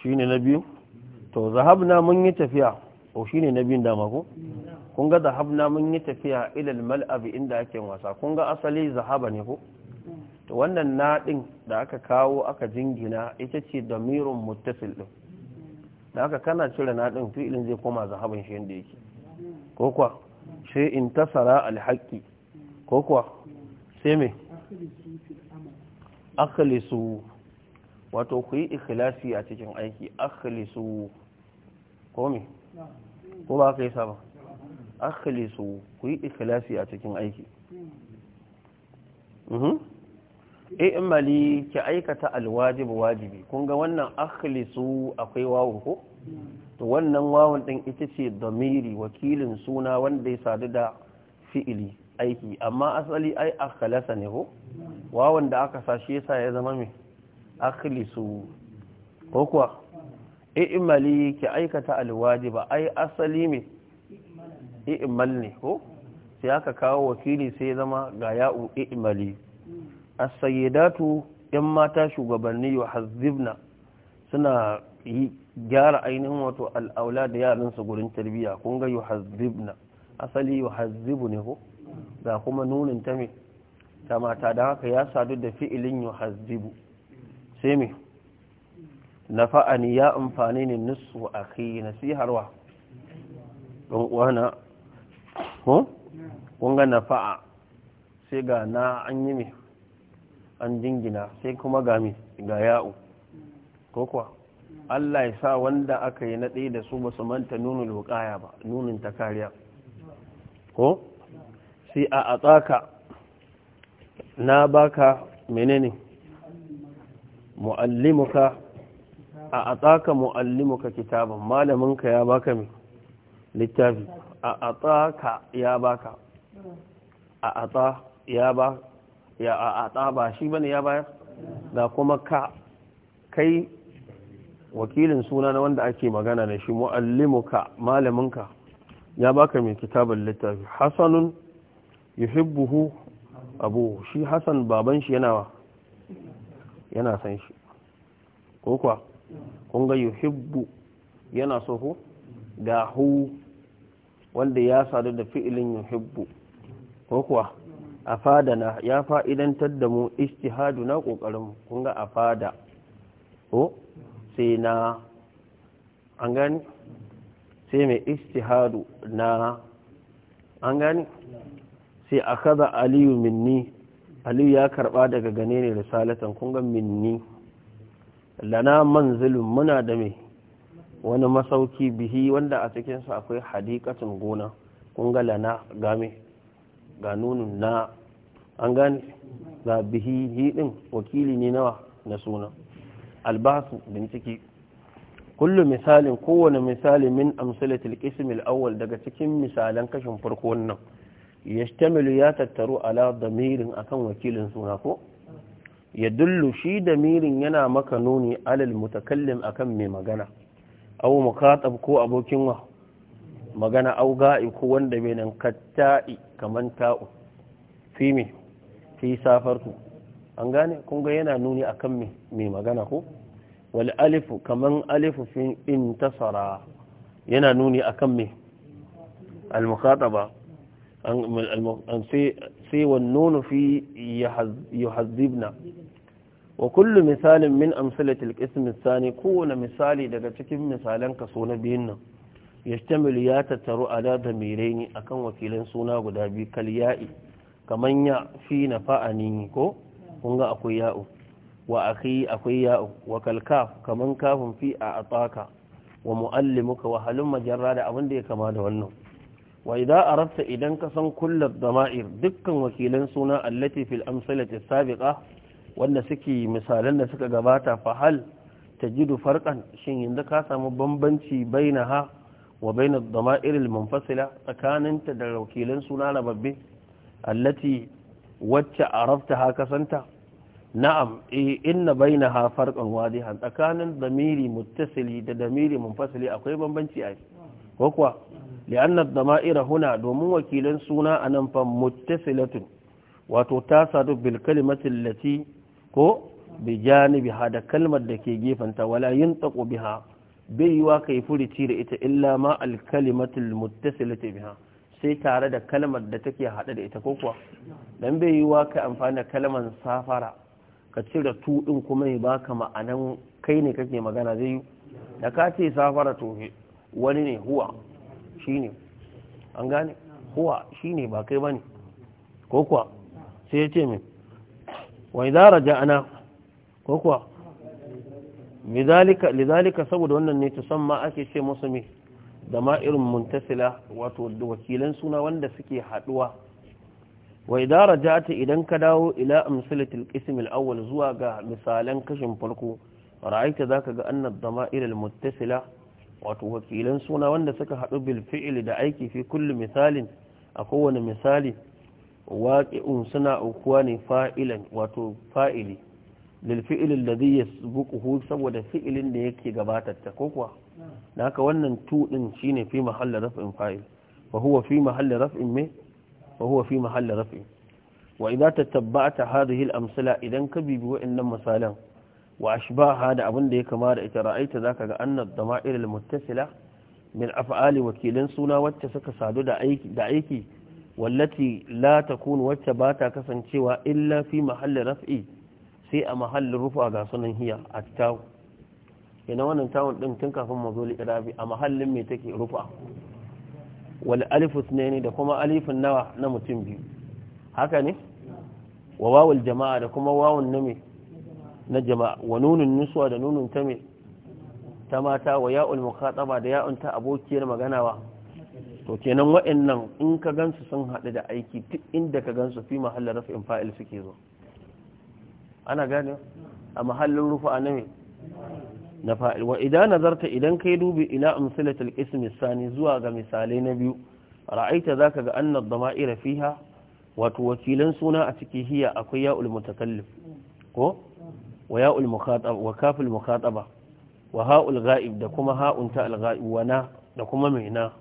shine na biyu to zahabna mun yi tafiya o shine na biyun dama ku kun ga zahabna mun yi tafiya ilal mal'abi inda ake wasa kun ga asali zahaba ne ko to wannan na din da aka kawo aka jingina ita ce damirun mutafil din da aka kana cire na ɗin fi'ilin zai koma zahaban shi yadda yake ko kuwa sai in tasara alhaƙi ko kuwa sai mai su wato ku yi ikilasi a cikin aiki su ko me ko ba ka yi saba su ku yi ikilasi a cikin aiki mhm. i'mali ki aikata alwajib wajibi kun ga wannan akhlisu akwai wawu ko to wannan wawun din ita ce damiri wakilin suna wanda ya sadu da fi'ili aiki amma asali ai akhlasa ne ko wawun da aka sashi yasa ya zama me akhlisu ko kuwa i'mali ki aikata alwajiba ai asali me i'mal ne ko sai aka kawo wakili sai ya zama ga ya'u i'mali as yan mata shugabanni hazibna suna yi gyara ainihin wato al'aula da yaransu gurin tarbiya kun ga yuhazzibna asali yuhazzibu ne ko ga kuma nunin ta me ta mata da haka ya sadu da fi'ilin yuhazzibu sai me nafa'ani ya amfani ne nusu akhi nasiharwa don uwana ko kun ga nafa'a sai ga na an yi me an jingina sai kuma gami ga ya'u ko kuwa Allah ya sa wanda aka yi naɗe da su ba su manta nunin hukaya ba nunin ta kariya ko sai a atsaka na baka menene mu'allimuka a atsaka mu'allimuka kitaban malaminka ya baka mai littafi a atsaka ya baka a atsa ya ba ya a a ba shi bane ya bayar da kuma ka kai wakilin suna na wanda ake magana da shi muallimuka malaminka ya baka mai kitabun littafi hasanun yuhibbuhu abu shi hasan baban shi yana yana san shi ko kuwa kun ga yuhibbu yana so ko ga hu wanda ya sadu da fi'ilin yuhibbu ko kuwa na ya fa'idantar da mu istihaduna kokarin kun ga afada ko sai na an gani sai mai istihadu na an gani sai akaza aliyu minni aliyu ya karba daga gane ne risalatan kunga minni lana manzilin muna da mai wani masauki bihi wanda a cikinsa akwai hadikacin gona kunga ga lana game ga nunun na an gane ga bihi hidin wakili ne nawa na suna albasu bincike kullu misalin kowane misali min amsalatil qism al-awwal daga cikin misalan kashin farko wannan yastamilu ya tattaru ala damirin akan wakilin suna ko yadullu shi damirin yana maka nuni alal mutakallim akan mai magana aw mukatab ko abokin wa magana auga'i ko wanda bai nan katta'i kaman ta'u fi me fi safartu an gane kun ga yana nuni akan mai magana ko wali alifu kamar alifu fi intasara yana nuni akan me al mukhataba an sai wannan nunu fi hazibna wa kullu misalin min amsalatul al-qism kowane misali daga cikin misalan kaso na biyun nan yastamil ya tattaru ala da mireni akan wakilan suna guda biyu kal ya'i kaman ya fi na fa'ani ko kun ga akwai ya'u wa akhi akwai ya'u wa kal kaf kaman kafin fi a ataka wa muallimuka wa halum majarra da abin da ya kama da wannan wa idza arabta idan ka san kullu dama'ir dukkan wakilan suna allati fil amsalati sabiqa wanda suke misalan da suka gabata fa hal tajidu farqan shin yanzu ka samu bambanci bainaha wa bayna ad-dama'ir al tsakaninta da wakilan suna rababbe allati wacce arafta haka kasanta na'am eh inna bainaha farqan wadihan tsakanin damiri muttasili da damiri munfasili akwai bambanci ai ko kuwa li'anna ad-dama'ir huna domin wakilan suna anan fa muttasilatun wato ta sadu bil kalimati allati ko bi biha da kalmar da ke gefanta wala tsako biha bai yiwa yi furici da ita illa ma alkalimatul muttasilati biha sai tare da kalmar da take hada da ita ko kuwa dan bai yiwa ka amfani da kalmar safara ka cire tu din kuma ya baka ma'anan kai ne kake magana zai yi da ka ce safara to wani ne huwa shine an gane huwa shine ba kai bane ko kuwa sai ya ce min wa idza raja'na ko kuwa lidhalika saboda wannan ne tusamma ake ce musu me da ma irin muntasila wato wakilan suna wanda suke haduwa wa idara ja'ata idan ka dawo ila amsalatil qism al-awwal zuwa ga misalan kashin farko ra'aita zaka ga anna ad-dama'ir al-muttasila wato wakilan suna wanda suka hadu bil fi'l da aiki fi kulli misalin a kowane misali waqi'un suna ukuwa ne fa'ilan wato fa'ili للفعل الذي يسبقه saboda fi'ilin da yake gabata ta ko kuwa haka wannan tu din shine fi mahall raf'in fa'il fa huwa fi mahall raf'in me fa huwa fi mahall raf'in wa idza tatabata hadhihi al-amsala idan ka bibi wa'annan misalan wa ashbaha da abin da ya kama da ita ra'aita zaka ga anna dama'ir al-muttasila min af'ali wakilan suna wacce suka sadu da aiki da aiki wallati la takunu wacce bata kasancewa illa fi mahall raf'i sai a mahallin rufa ga sunan hiya a tawo yana wannan tawon din tun kafin mazoli irabi a mahallin mai take rufa wal alifus ne ne da kuma alifin nawa na mutum biyu haka ne wa wawul jama'a da kuma wawun na mai na jama'a wa nunun nusuwa da nunun ta mai ta mata wa ya'ul mukhataba da ya'un ta abokiyar maganawa to kenan wa'annan in ka gansu sun haɗu da aiki duk inda ka gansu fi mahallin rafin fa'il suke zo ana gane a mahallin rufu a nan na fa'il wa idan nazarta idan kai dubi ila amsalatul ismi sani zuwa ga misalai na biyu ra'aita zaka ga anna dama'ira fiha wato wakilan suna a ciki hiya akwai ya'ul mutakallim ko wa ya'ul mukhatab wa kaful mukhataba wa ha'ul ghaib da kuma ha'un ta al ghaib wa na da kuma maina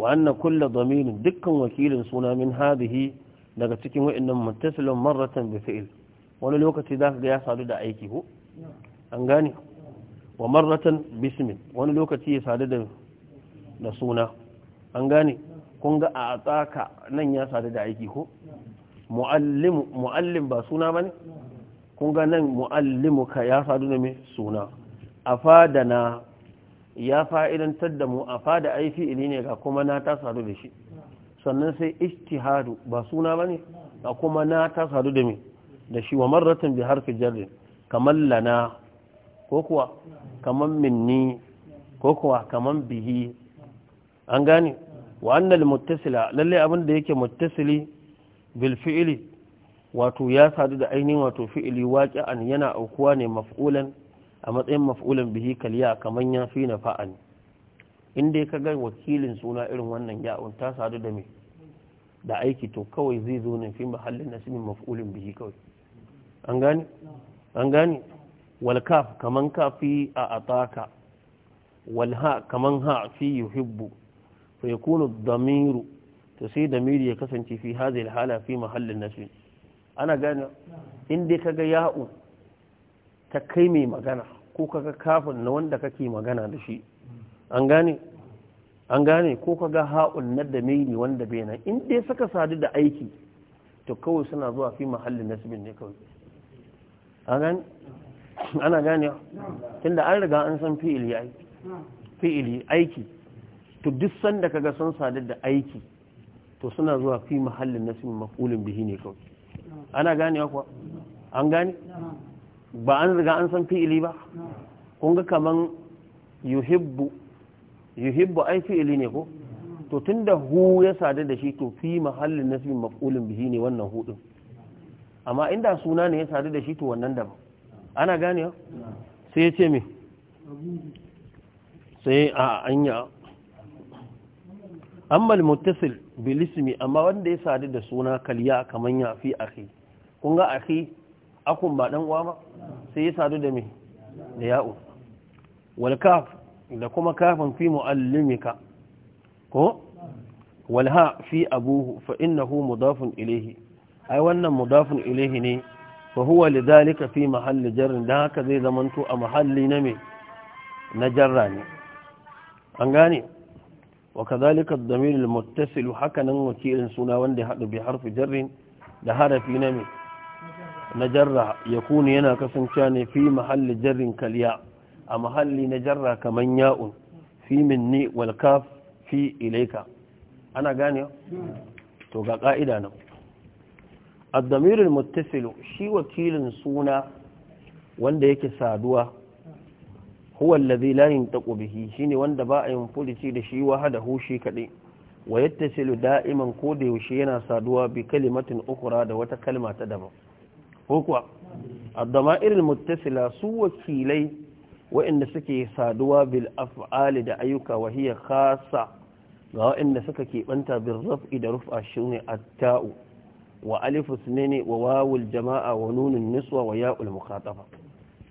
wa anna kullu damirin dukkan wakilin suna min hadhihi daga cikin wa'annan muttasilun marratan bi fi'il wani lokaci za ka ga ya sadu da aiki ko an gane wa marratan bismin wani lokaci ya sadu da da suna an gane kun ga a tsaka nan ya sadu da aiki ko muallim muallim ba suna bane kun ga nan muallimuka ya sadu da me suna afadana ya fa'idantar da mu afada aifi ili ne ga kuma na ta sadu da shi sannan sai ijtihadu ba suna bane ga kuma na ta sadu da me da shi wa marratin bi harfi jarrin kamar lana ko kuwa kamar minni ko kuwa kamar bihi an gane wa annal muttasila lalle abin da yake muttasili bil fi'li wato ya sadu da ainihin wato fi'li an yana aukuwa ne maf'ulan a matsayin maf'ulan bihi kaliya kamar ya fi na fa'ani inda ka ga wakilin suna irin wannan ya'un ta sadu da me da aiki to kawai zai zo ne fi mahallin nasibin maf'ulin bihi kawai an gane an gane walkaf kaman kafi a ataka walha kaman ha fi yuhibbu fa yakunu damiru to sai damiri ya kasance fi hadhihi alhala fi mahallin nasb ana gane in dai kaga ya'u ta kai mai magana ko kaga kafin na wanda kake magana da shi an gane an gane ko kaga ha'un na damiri wanda bai nan in dai suka sadu da aiki to kawai suna zuwa fi mahallin nasbin ne kawai ana gane tunda an riga an san fi'ili aiki fi'ili aiki to duk sanda kaga sun sadu da aiki to suna zuwa fi mahallin nasi maf'ulin bihi ne kawai ana gane kuwa an gane ba an riga an san fi'ili ba kun ga kaman yuhibbu yuhibbu ai fi'ili ne ko to tunda hu ya sadu da shi to fi mahallin nasi maf'ulin bihi ne wannan hu amma inda suna ne ya sadu da shi to wannan daban ana gane sai ya ce me sai a anya amma al-muttasil bil ismi amma wanda ya sadu da suna kaliya kaman ya fi akhi kun ga akhi akun ba dan uwa ba sai ya sadu da mai da ya'u wal kaf da kuma kafin fi muallimika ko wal ha fi abuhu fa innahu mudafun ilayhi ai wannan mudafin ilaihi ne fa huwa lidhalika fi mahalli jarr dan haka zai zamanto a mahalli na me na jarra ne an gane wa kadhalika ad-damir al-muttasil hakanan wakilin suna wanda hadu bi harfi jarrin da harafi na me na jarra yana kasancewa ne fi mahalli jarrin kaliya a mahalli na jarra kaman ya'un fi minni wal kaf fi ilayka ana gane to ga ka'ida nan addamirin muttasilu shi wakilin suna wanda yake saduwa huwa allazi la yantaqu bihi shine wanda ba a yin fulici da shi wahada hada hushi kadai wa yattasilu da'iman ko da yaushe yana saduwa bi kalimatin ukra da wata kalma ta daban ko kuwa addama'irul muttasila su wakilai wa'inda suke saduwa bil af'ali da ayyuka wa hiya ga wa'inda suka keɓanta bil raf'i da rufa shine at-ta'u wa alifu sunani wa wawul jama'a wa nunun niswa wa ya'ul mukhatafa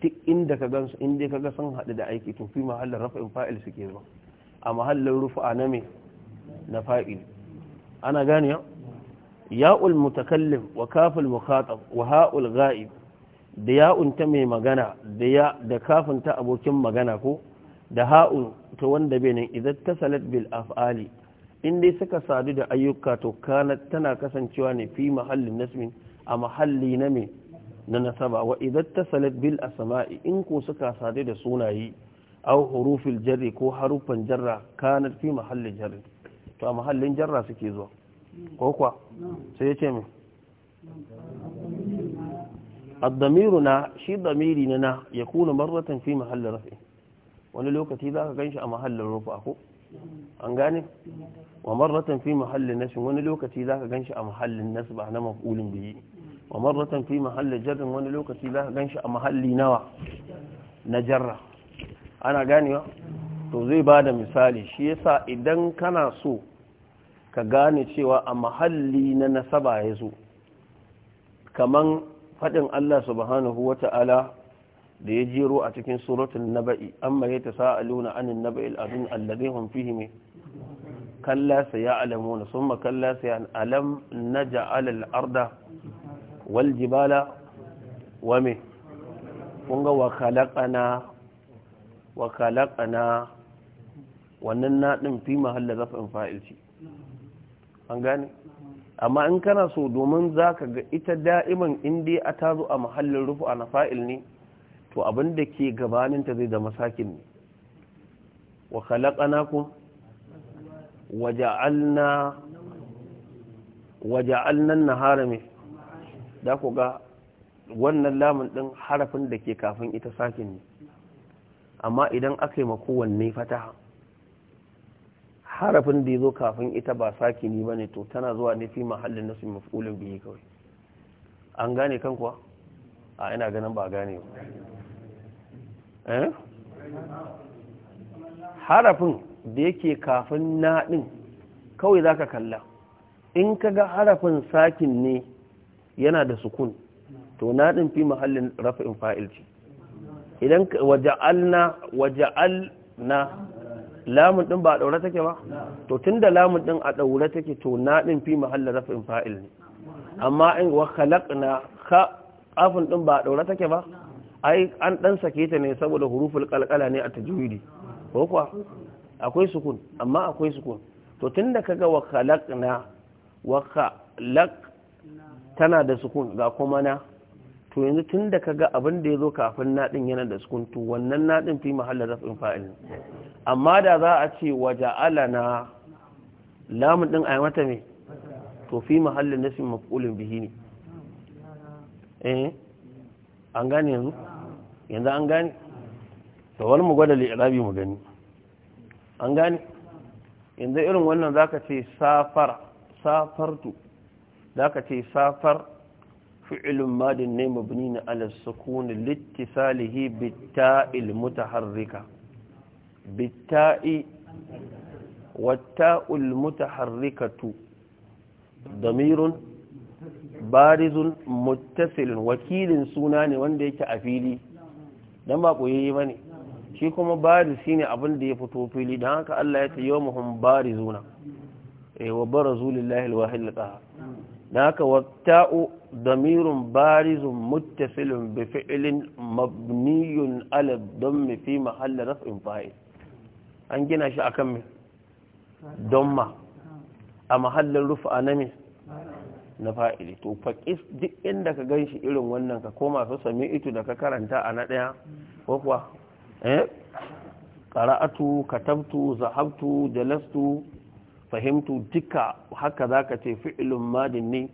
duk inda ka gansu inda ka ga sun haɗu da aiki to fi mahallin rafa'in fa'il suke zuwa a mahallin rufa na me na fa'il ana gane ya ya'ul mutakallim wa kaful mukhatab wa ha'ul ghaib da ya'un ta mai magana da ya da kafin ta abokin magana ko da ha'un ta wanda bai nan idan tasalat bil af'ali in dai suka sadu da ayyuka to kana tana kasancewa ne fi mahallin nasmin a mahalli na me na nasaba wa idan ta salat bil asma'i in ko suka sadu da sunayi aw hurufil jarri ko harufan jarra kana fi mahallin jarri to a mahallin jarra suke zuwa ko kuwa sai ya ce me الضمير نا شي ضميري نا يكون مرة في محل رفع wani lokaci za ka ganshi a mahallin rufa ko an gane wa marratan fi mahallin nashi wani lokaci zaka ganshi a mahallin nas ba na maf'ulin bihi wa marratan fi mahallin jarrin wani lokaci zaka ganshi a mahalli nawa na jarra ana ganewa to zai bada misali shi yasa idan kana so ka gane cewa a mahalli na nasaba ya zo kaman faɗin Allah subhanahu wa ta'ala da ya jero a cikin suratun naba'i amma ya tasaaluna anin naba'il azim alladhihum fihi min kalla ya alamu sun makalla kalla sayan alam na al-arda wal jibala wa me kunga wa kalakana wa wannan naɗin fi mahalla zafin fa'il ce an gane amma in kana so domin ka ga ita da'iman in dai a tazo a mahallin rufu a na fa'il ne to abin da ke gabaninta zai zama sakin ne wa ja'alna wa ja'alna an-nahara da ku ga wannan lamun din harafin da ke kafin ita sakin ne amma idan aka yi ma kowanne fataha harafin da ya zo kafin ita ba sakini ba ne to tana zuwa ne fi mahallin nasu mafulin biyu kawai an gane kan kuwa a ina ganin ba gane ba Eh? harafin da yake kafin naɗin kawai za ka kalla in ka ga harafin sakin ne yana da sukun to naɗin fi mahallin rafa'in fa'il ce idan waja'alna na lamun ɗin ba a ɗaure take ba to tun da lamun ɗin a ɗaure take to naɗin fi mahallin rafa'in fa'il ne amma in wa na ka afin ɗin ba a ɗaure take ba ai an dan sake ta ne saboda huruful kalkala ne a tajwidi ko kuwa akwai sukun amma akwai sukun to tunda kaga wa khalaqna wa khalaq tana da sukun ga kuma na to yanzu tunda kaga abin da yazo kafin na din yana da sukun to wannan na din fi mahallin raf'in fa'il amma da za a ce waja'alana lamun din ayi mata me to fi mahallin nasin maf'ulin bihi ne eh an gane yanzu yanzu an gane to wani mu gwada li'irabi mu gani an gane yanzu irin wannan zaka ce safar safartu zaka ce safar fi'ilun madin ne mabini na ala sukun littisalihi bitta'il harrika bitta'i damirun barizun ضمير wakilin suna ne wanda yake a fili. dan ba yi bane shi kuma bari shine abin da ya fito fili dan haka Allah ya ce yawmuhum barizuna eh wa barazu lillahi alwahid dan haka watta'u damirun barizun muttasilun bi fi'lin mabniyun ala dhamm fi mahall raf'in fa'il an gina shi akan me damma a mahallin rufa namin na fa'ili to faƙis duk inda ka ganshi irin wannan ka koma su sami ito da ka karanta a na ɗaya ko kuwa eh ƙara'atu katabtu zahabtu jalastu fahimtu duka haka za ka ce fi'ilun madin ne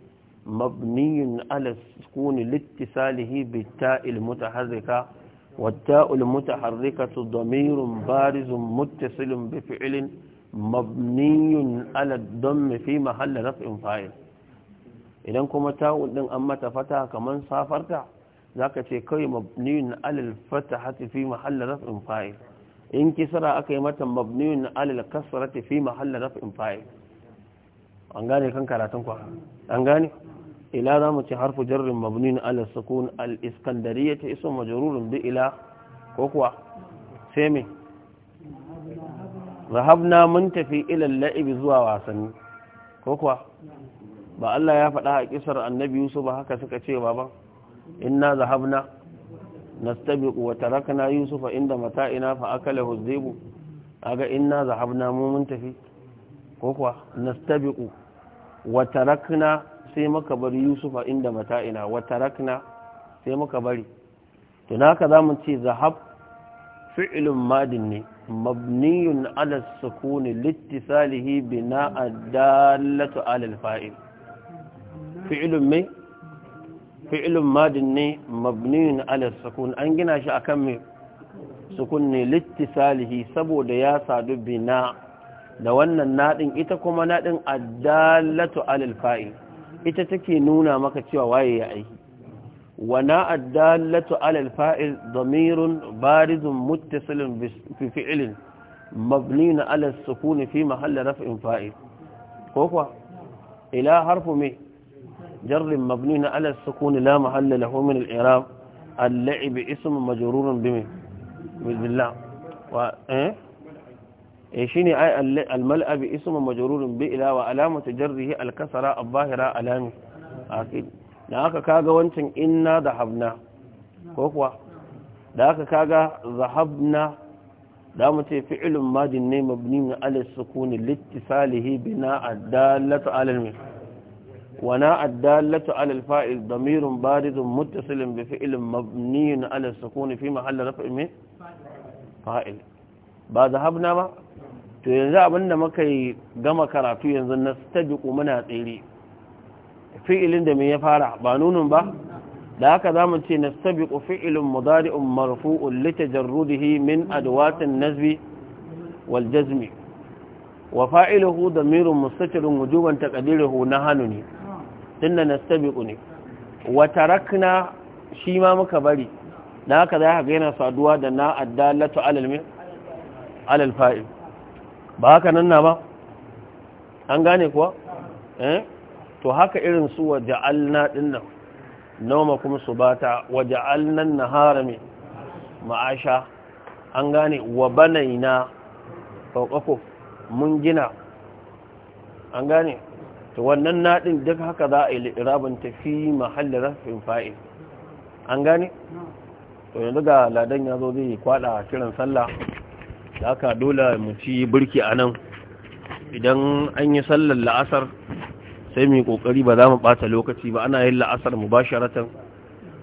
mabniyun ala sukuni littisalihi bitta'il mutaharrika والتاء المتحركة ضمير بارز متصل بفعل مبني على الضم في mahallar رفع فاعل idan kuma ta'un din an mata fata kaman safarta zaka ce kai mabniyun alal fatahati fi mahall raf'in fa'il in kisra aka yi mata mabniyun alal kasrati fi mahall raf'in fa'il an gane kan karatun kwa an gane ila za mu ce harfu jarrin mabniyun alal sukun al iskandariya ta iso majrurun bi ila ko kuwa sai me mun tafi ila al zuwa wasanni ko kuwa ba Allah ya faɗa a ƙisar annabi Yusuf ba haka suka ce ba ba inna zahabna nastabiqu wa tarakna Yusuf inda mata'ina fa akalahu dhibu aga inna zahabna mu mun tafi ko kuwa nastabiqu wa tarakna sai muka bari Yusuf inda mata'ina wa tarakna sai muka bari to naka zamu ce zahab fi'lun madin ne mabniyun ala sukuni littisalihi bina'a dallatu ala al fi'ilun mai fi'ilun madin ne mabniyin alas sukun an gina shi a kan mai sukun ne littisalihi saboda ya sadu bina da wannan naɗin ita kuma nadin addalatu alal fa'il ita take nuna maka cewa waye ya aiki wana addalatu alal fa'il damirun barizun muttasilin fi fi'ilin mabniyin alas sukun fi mahalla raf'in fa'il ko kuwa ila harfu mai جر مبني على السكون لا محل له من الإعراب اللعب اسم مجرور بمن بسم الله و... إيه؟ شيني آي الملأ باسم مجرور بإلا وعلامة جره الكسرة الظاهرة علامة أكيد da كاغا وانتن wancan ذهبنا كوكوا habna كاغا ذهبنا da aka kaga zahabna da على السكون لاتصاله madin ne على ala wana addallatu ala alfa'il damirun baridun muttasilin bi fi'lin mabniyin ala sukuni fi mahalli raf'in min fa'il ba zahabna ba to yanzu abinda muka yi gama karatu yanzu na stabiqu muna tsere fi'ilin da me ya fara ba nunin ba da haka zamu ce nastabiqu fi'lun mudari'un marfu'un litajarrudihi min adwatin nazbi wal jazmi وفاعله ضمير مستتر وجوبا تقديره نهن tunda nastabiqu ne wa tarakna shi ma muka bari na haka za ka yana saduwa da na addalatu alal min alal fa'il ba haka nan na ba an gane kuwa eh to haka irin su wa ja'alna dinnan nauma kuma subata wa ja'alna nahara min ma'asha an gane wa banaina fawqakum mun gina an gane to wannan naɗin duk haka za a yi ta tafi mahallin rafin fa’i an gane to yanzu ga ladan ya zo zai kwada kiran sallah da aka dole mu ci birki a nan idan an yi sallar la'asar sai mai yi kokari ba za mu bata lokaci ba ana yin la'asar mu ba sharatan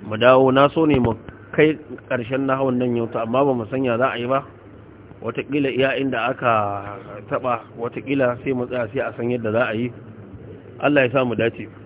mu dawo na so ne mu kai karshen nahawun nan yau amma ba mu sanya za a yi ba watakila iya inda aka taɓa watakila sai mu tsaya sai a san yadda za a yi Allah ya samu dace